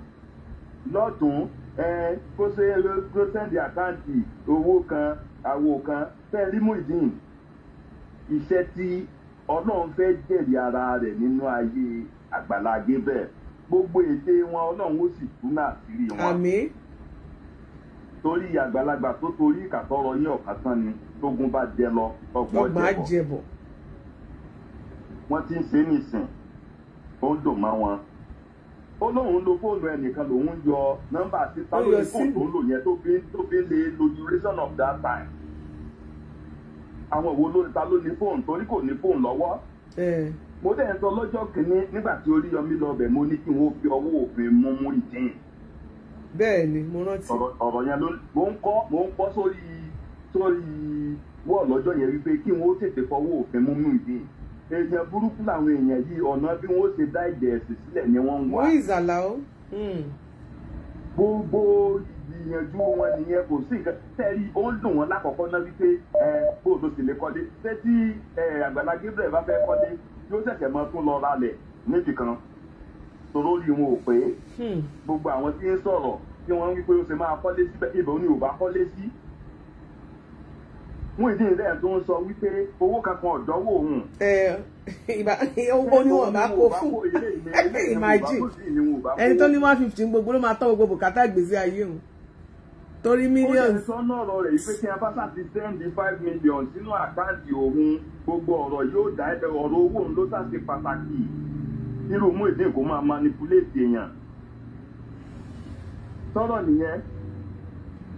lọ́tún kó ṣe procent àkáǹtì owó kan àwo kan fẹ́ẹ́ rí Muyideen iṣẹ́ tí Ọlọ́run fẹ́ jèrè ara rẹ̀ nínú ayé àgbàlá Gabriel gbogbo ète wọn ọlọ́run ó sì tún náà sírí wọn. àmín. torí àgbàlagbà tó torí ìkàtọ́rọ yín ọ̀kan tán ni tógun bá jẹ lọ ọgbọ́n jẹbọ. wọ́n ti ń ṣe nìsín ó ń dùn mọ́ wọn. ó lóun lo fóònù ẹnìkan lòun yọ nọ́mbà síta lórí fóònù tó ń lò yẹn tó fi tó fi lè lo duration of that time. àwọn ìwo lórí ta ló ní fóònù torí kò ní fóònù lọ́wọ́. mo dẹ̀ sọ lọ́jọ́ kìíní nígbà tí Oríyọmí lọ bẹ̀ mo ní kí wọ́n fi ọwọ́ òfin mú Muyideen. bẹ́ẹ̀ ni mo rántí. ọ̀rọ̀ yẹn ló mo ń kọ́ mo ń kọ́ yẹn wípé kí tètè fọwọ́ òfin mú èèyàn burúkú làwọn èèyàn yìí ọ̀nà bí wọ́n ṣe dá sílẹ̀ ni wọ́n wá. wọ́n ìzàlá o. gbogbo wọn nìyẹn kò sí nǹkan ó ń dùn wọn lákọ̀ọ́kọ́ náà wípé bóòdù sì lè kọ́lé ṣé tí yóò ṣẹ̀ṣẹ̀ mọ tún lọ ralẹ̀ níbì kan toró rí wọn ò pé hmm. gbogbo àwọn tí ń sọ̀rọ̀ tí wọ́n ń wí pé ó ṣe máa kọ́lé sí ibẹ̀ ó ní òbá kọ́lé sí. wọ́n ìdí ìrẹ́ tó ń sọ wípé owó kankan ọ̀dọ́wọ́ òun. owó ni wọn bá kó fún imagine ẹni tó ní one fifty gbogbo ló máa tọ́ gbogbo bùkátà gbèsè ayé òun. torí millions. ó lè sọ ọ̀rọ̀ rẹ̀ wípé tí a bá ṣàti sẹ́ndì five gbogbo ọ̀rọ̀ yóò dá ọ̀rọ̀ owó òun ló ṣàṣe pàtàkì irú mú èdè kó máa manipulate èèyàn sọ̀rọ̀ nìyẹn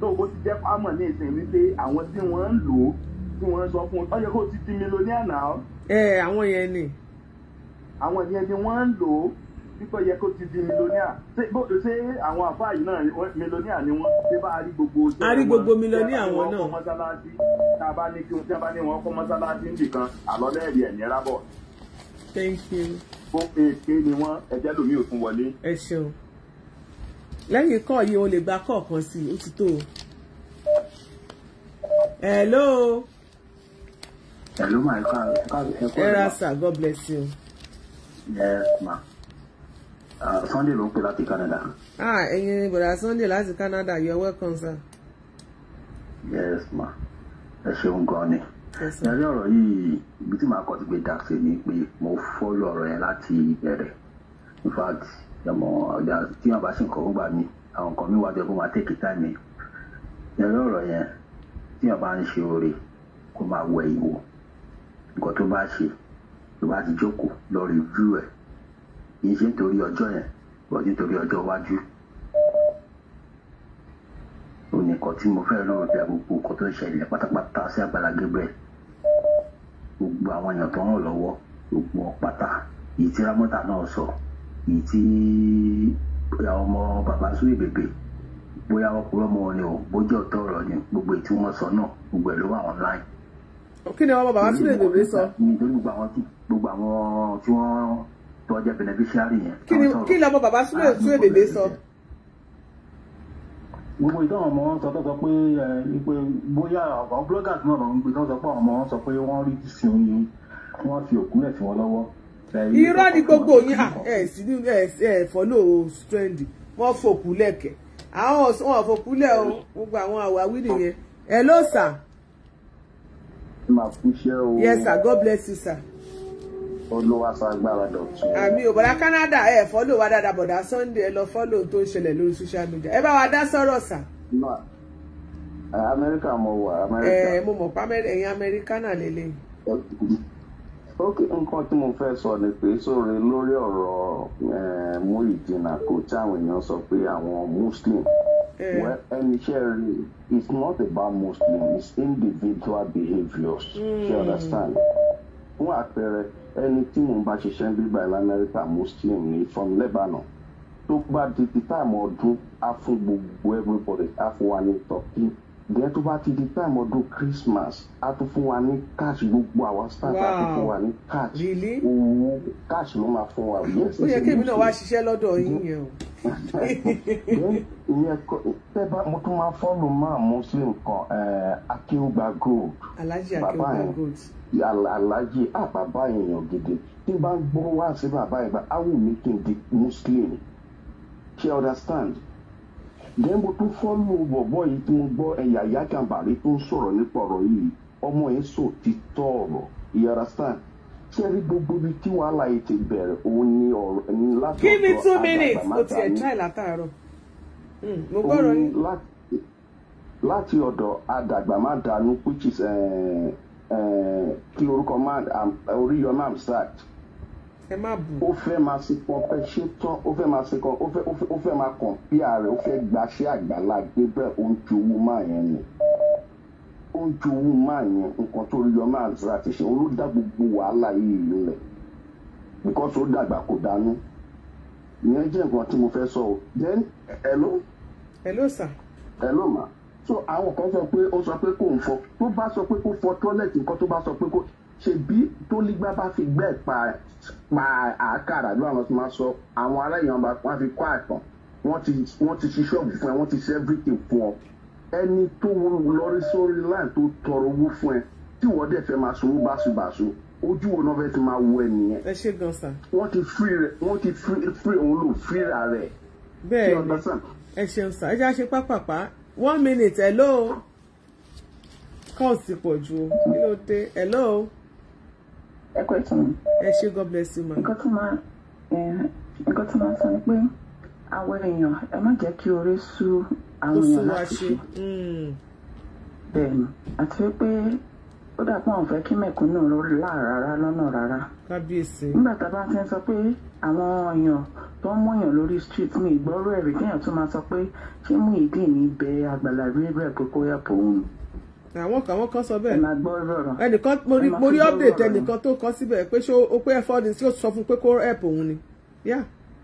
lóò bó ti jẹ́ pámọ̀ ní ìsìn wípé àwọn tí wọ́n ń lò ó tí wọ́n sọ fún un ti di àwọn yẹn ni. àwọn yẹn ni wọ́n ń lò ó pípẹ́ yẹ kó ti di milonia ṣé àwọn àfáà yìí náà milonia ni wọ́n ṣé bá a gbogbo ṣé a gbogbo milonia wọn náà mọ́sálásí tá a bá ní kí wọ́n bá ní wọn kọ́ mọ́sálásí nìkan àlọ́lẹ́ẹ̀rì ẹ̀ ní rábọ̀. thank you. ó èké ni wọ́n ẹ̀jẹ̀ lómi ò tún wọlé. ẹ ṣeun lẹ́yìn kọ́ yìí o lè gba kọ̀ọ̀kan sí i ó ti tó o. hello. hello my ẹ ẹ ra sir god bless you. yes ma. Uh, Sunday ló ń pè láti Canada. ah ẹ̀yin ni bọ̀dà Sunday láti Canada you are welcome sir. yes ma ẹ ṣeun gan ni ẹ̀rí ọ̀rọ̀ yìí ibi tí màá kọ́ ti gbé dàsí ni pé mo fọ́lù ọ̀rọ̀ yẹn láti ìbẹ̀rẹ̀ in fact ẹ̀mọ̀ ọ̀dà tí wọ́n bá ṣe nǹkan ó gbà mí àwọn nǹkan mi wá jẹ́ kó máa tẹ́kì táìmì ẹ̀rí ọ̀rọ̀ yẹn tí wọ́n bá ń ṣe oore kó máa wẹ̀ ìwò nǹkan tó bá ṣe tó bá ti jókòó lọ review ẹ̀ kì í ṣe nítorí ọjọ́ yẹn bọ̀ nítorí ọjọ́ iwájú onìkan tí mo fẹ́ lọ́rọ̀ bí agbègbè nǹkan tó ṣẹlẹ̀ pátápátá sí Àgbàlá Gabriel gbogbo àwọn èèyàn tó ń ràn lọ́wọ́ gbogbo ọ̀pátá èyí tí Rámọ́tà náà sọ èyí tí ọmọ bàbá Suwe Bèbè bóyá wọn kúrò mọ ni o bójú ọ̀tọ̀ ọ̀rọ̀ ni gbogbo èyí tí sọ náà gbogbo ẹ̀ ló wà online. kí ni ọmọ bàbá Suwe Bèbè sọ. nítorí gbogbo àwọn tí wọ́n tó jẹ́ beneficiary yẹn. kí ni kí lọmọ bàbá súlẹ̀ ah, súlẹ̀ bèbè sọ. gbogbo ìtàn ọmọ wọn sọ tó sọ pé wípé bóyá àwọn bloggers náà lọ ń gbé tó sọ pé ọmọ wọn sọ pé wọ́n rí sí oyin wọ́n fi òkú lẹ̀ sí wọn lọ́wọ́. irọ́ ni gbogbo yín ẹ̀ sí ní ẹ̀ fọ́lọ́ strand wọ́n fòkú lẹ̀kẹ̀ àwọn wọn fòkú lẹ̀ gbogbo àwọn àwáwí nìyẹn ẹ̀ ló sà. yes sir god bless you sir olúwa sọ agbára dọ̀tun. àmì òbọ̀dá Canada ẹ fọ́lò wa dáadáa bọ̀dá Sunday ẹ lọ fọ́lò tó ń ṣẹlẹ̀ lórí social media ẹ bá wa dá sọ́rọ̀ sà. amẹ́ríkà mo wà amẹ́ríkà. ẹ mo mọ̀ pa ẹ̀yin amẹ́ríkà náà lélẹ̀. ok nǹkan tí mo fẹ́ sọ ni pé sóore lórí ọ̀rọ̀ Muyideen kò tí àwọn èèyàn sọ pé àwọn Muslim well ẹni ṣe rí it's not about Muslim it's individual behaviours mm. you understand fún àpẹẹrẹ ẹni tí mò ń bá ṣiṣẹ́ ń bíbá ilẹ̀ amẹ́ríkà muslim ní from lebanon tó bá di ti táìmù ọdún á fún gbogbo everybody á fún wa ní turkey díẹ̀ tó bá ti di time ọdún Christmas a tún fún wa ní cash gbogbo àwa staff a tún fún wa ní cash owó cash ló máa fún wa. ó yẹ kémi náà wá ṣiṣẹ́ lọ́dọ̀ yín yẹn o. ìyẹn bá mo tún máa fọ́ọ̀lù máa muslim kan eh, akéwùgbà gold. alájí akéwùgbà gold. alájí à ah, bàbá èèyàn gidi tí n bá ń gbọ́ wá sí bàbá ìgbà áwù mi kì í di muslim she understand dẹ́n mo tún fọ́lù yìí tí mo gbọ́ ẹ̀yà ìyá jàǹbàrí tó ń sọ̀rọ̀ nípa ọ̀rọ̀ yìí ọmọ ẹ̀ ti tọ́ ọ̀rọ̀ ìyára stan ṣé rí gbogbo ibi tí wàhálà yìí ti bẹ̀rẹ̀ òun ni ọ̀rọ̀ ẹni látọ̀tọ̀ give me two minutes o ti ẹ̀ try látàárọ̀ hmm, mo gbọ́rọ̀ yín. láti ọ̀dọ̀ which is eh, eh, kí ẹ má bù. ó fẹ́ máa ṣe pọpẹ́ ṣe tán ó fẹ́ máa ṣe kan ó fẹ́ ó fẹ́ máa kàn bí ààrẹ ó fẹ́ gbaṣẹ́ àgbàlá gbé bẹ́ẹ̀ ó ń jowó máa yẹn ni ó ń jowó máa yẹn nǹkan tó rí ọmọ àzúrà ti ṣe òun gbogbo wàhálà yìí lulẹ̀ because ó dàgbà kò dánú ìyẹn jẹ́ nǹkan tí mo fẹ́ sọ o then hello. hello sir. hello ma so àwọn kan sọ pé ó sọ pé kò ń fọ tó bá sọ pé kò fọ tọ́lẹ̀tì nǹkan tó bá sọ pé kò ṣebí tó lígbá bá fi gbẹ́ pa pa àákàrà ló àwọn tó máa sọ àwọn ará bá wọn fi kọ́ àtàn wọ́n ti ṣiṣẹ́ òògùn fún ẹ wọ́n ti ṣe everything fún ọ ẹni tó lọrí sórí line tó tọrọ owó fún ẹ tí wọ́n dẹ̀ fẹ́ máa sanwó báṣubàṣu ojú wo náà fẹ́ ti máa wo ẹnìyẹn. ẹ ṣe gan sa. wọ́n ti free wọ́n ti free òun lò free ra rẹ̀. bẹ́ẹ̀ ni ẹ ṣeun sa ẹ jẹ́ àṣẹ pápápá one minute hello kọ́ọ̀sì pọ̀ ju kí ló dé hello ẹ kú ètò mi. ẹ ṣé god bless you ma. nǹkan tó máa nǹkan tó máa sọ ni pé àwọn èèyàn ẹ má jẹ́ kí oore sú àwọn èèyàn láti ṣe. Hmm. bẹ́ẹ̀ ni àti wípé ó dà pé àwọn fẹ́ kí mẹ̀kúnnù láàrá rárá lọ́nà rárá. kábíyèsí. nígbà tá a bá ti ń sọ pé àwọn èèyàn tó ń mọ̀yàn lórí street ní ìgbọ́rọ̀ ẹ̀rí kéèyàn tó máa sọ pé ṣé mú ìdí ní bẹ àgbàlá rí rẹ̀ pé kó yá pòun àwọn kan àwọn kan sọ bẹ́ẹ̀ ẹnìkan mo rí update ẹnìkan tó kọ síbẹ̀ pé ṣé o pé ẹfọ ọdún tí ó sọ fún pé kó help òun ni yá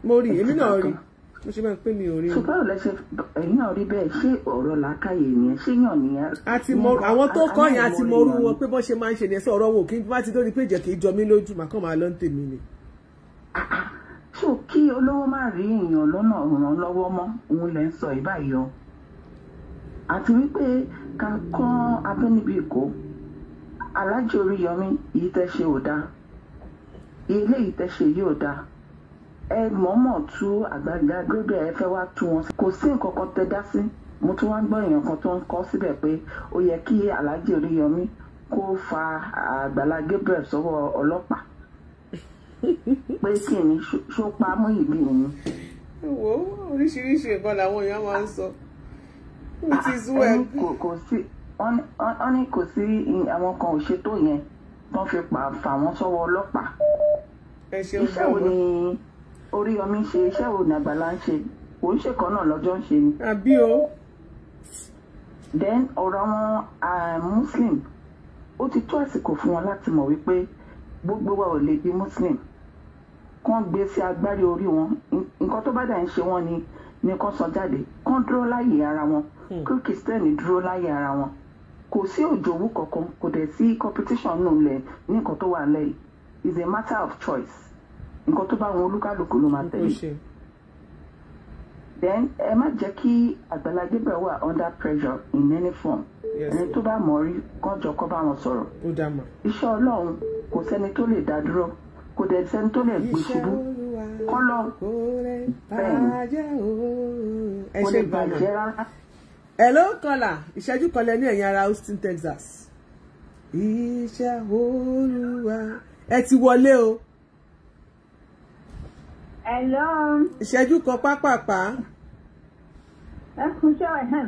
mo rí èmi náà rí mo ṣe bẹ́ẹ̀ pé mi ò rí. ṣùgbọ́n báwo lẹ ṣe ẹ̀yin náà rí bẹ́ẹ̀ ṣé ọ̀rọ̀ làákàyè nìyẹn ṣé yàn nìyẹn. àti mo àwọn tó kọ yẹn àti mo rú wọn pé bọ́n ṣe máa ń ṣe nìyẹn sọ ọ̀rọ̀ wò kí n bá ti dórí pé ìjẹ́ kì í jọ mí lójú mà kàn máa lọ ń tèmi ni. so kí olówó má rí èèyàn lọ́nà ràn lọ́wọ́ mọ́ òun lẹ ń sọ ìbáyọ̀ àti wípé ká kọ́ abínibí èkó alájì oríyọmí yìí tẹ́ ṣe ò dáa eléyìí tẹ́ ṣe yìí ò dáa ẹ mọ̀ọ́mọ̀ tú àgbàgbà gbẹ́gbẹ́ ẹ fẹ́ wá tú wọn kò sí nǹkan kan tẹ́ dá sí mo tún wá ń gbọ́ èèyàn kan tó ń kọ́ síbẹ̀ pé ó yẹ kí alájì oríyọmí kó fa àgbàlá Gabriel sọ́wọ́ ọlọ́pàá pé kí ni ṣó pa mú ìbí mi. wo oríṣiríṣi nǹkan làwọn èèyàn máa ń sọ ti sú ah, ẹ kú. kò sí wọ́n ní kò sí àwọn kan ò ṣe tó yẹn wọ́n fi pa. wọ́n sọ́wọ́ ọlọ́pàá. iṣẹ́ wo ni Oríyọmí ṣe iṣẹ́ wo ni Àgbàlá ń ṣe kò ń ṣèkọ́ náà lọ́jọ́ ń ṣe ni. àbí o. then ọ̀rọ̀ àwọn muslim ó ti tó àsìkò fún wọn láti mọ̀ wípé gbogbo wa ò lè di muslim kán gbé sí agbárí orí wọn nǹkan tó bá dà ń ṣe wọn ni ni kán sọ jáde kán dúró láàyè ara wọn. Hmm. kí dúró láyé ara wọn kò sí òjòwú kankan kò dẹ̀ sí competition nù lẹ̀ ní nǹkan tó wà lẹ́yìn is a matter of choice nǹkan tó bá wọn olúkálùkù ló máa tẹ̀lé then ẹ má jẹ́ kí Àgbàlá Gabriel wà under pressure in any form ẹni tó bá mọ̀ rí kánjọ kọ́ bá wọn sọ̀rọ̀ iṣẹ́ Ọlọ́run kò sẹ́ni tó lè dá dúró kò dẹ̀ sẹ́ni tó lè gbé ṣubú kọ́lọ́ bẹ́ẹ̀ ni kò lè bàjẹ́ rárá hello kọlà ìṣẹ́jú kan lẹ ní ẹ̀yìn ara Austin, Texas iṣẹ́ olúwa ẹ ti wọlé o. hello. ìṣẹ́jú kan pápápá. ẹ kú iṣẹ́ ọ̀hún.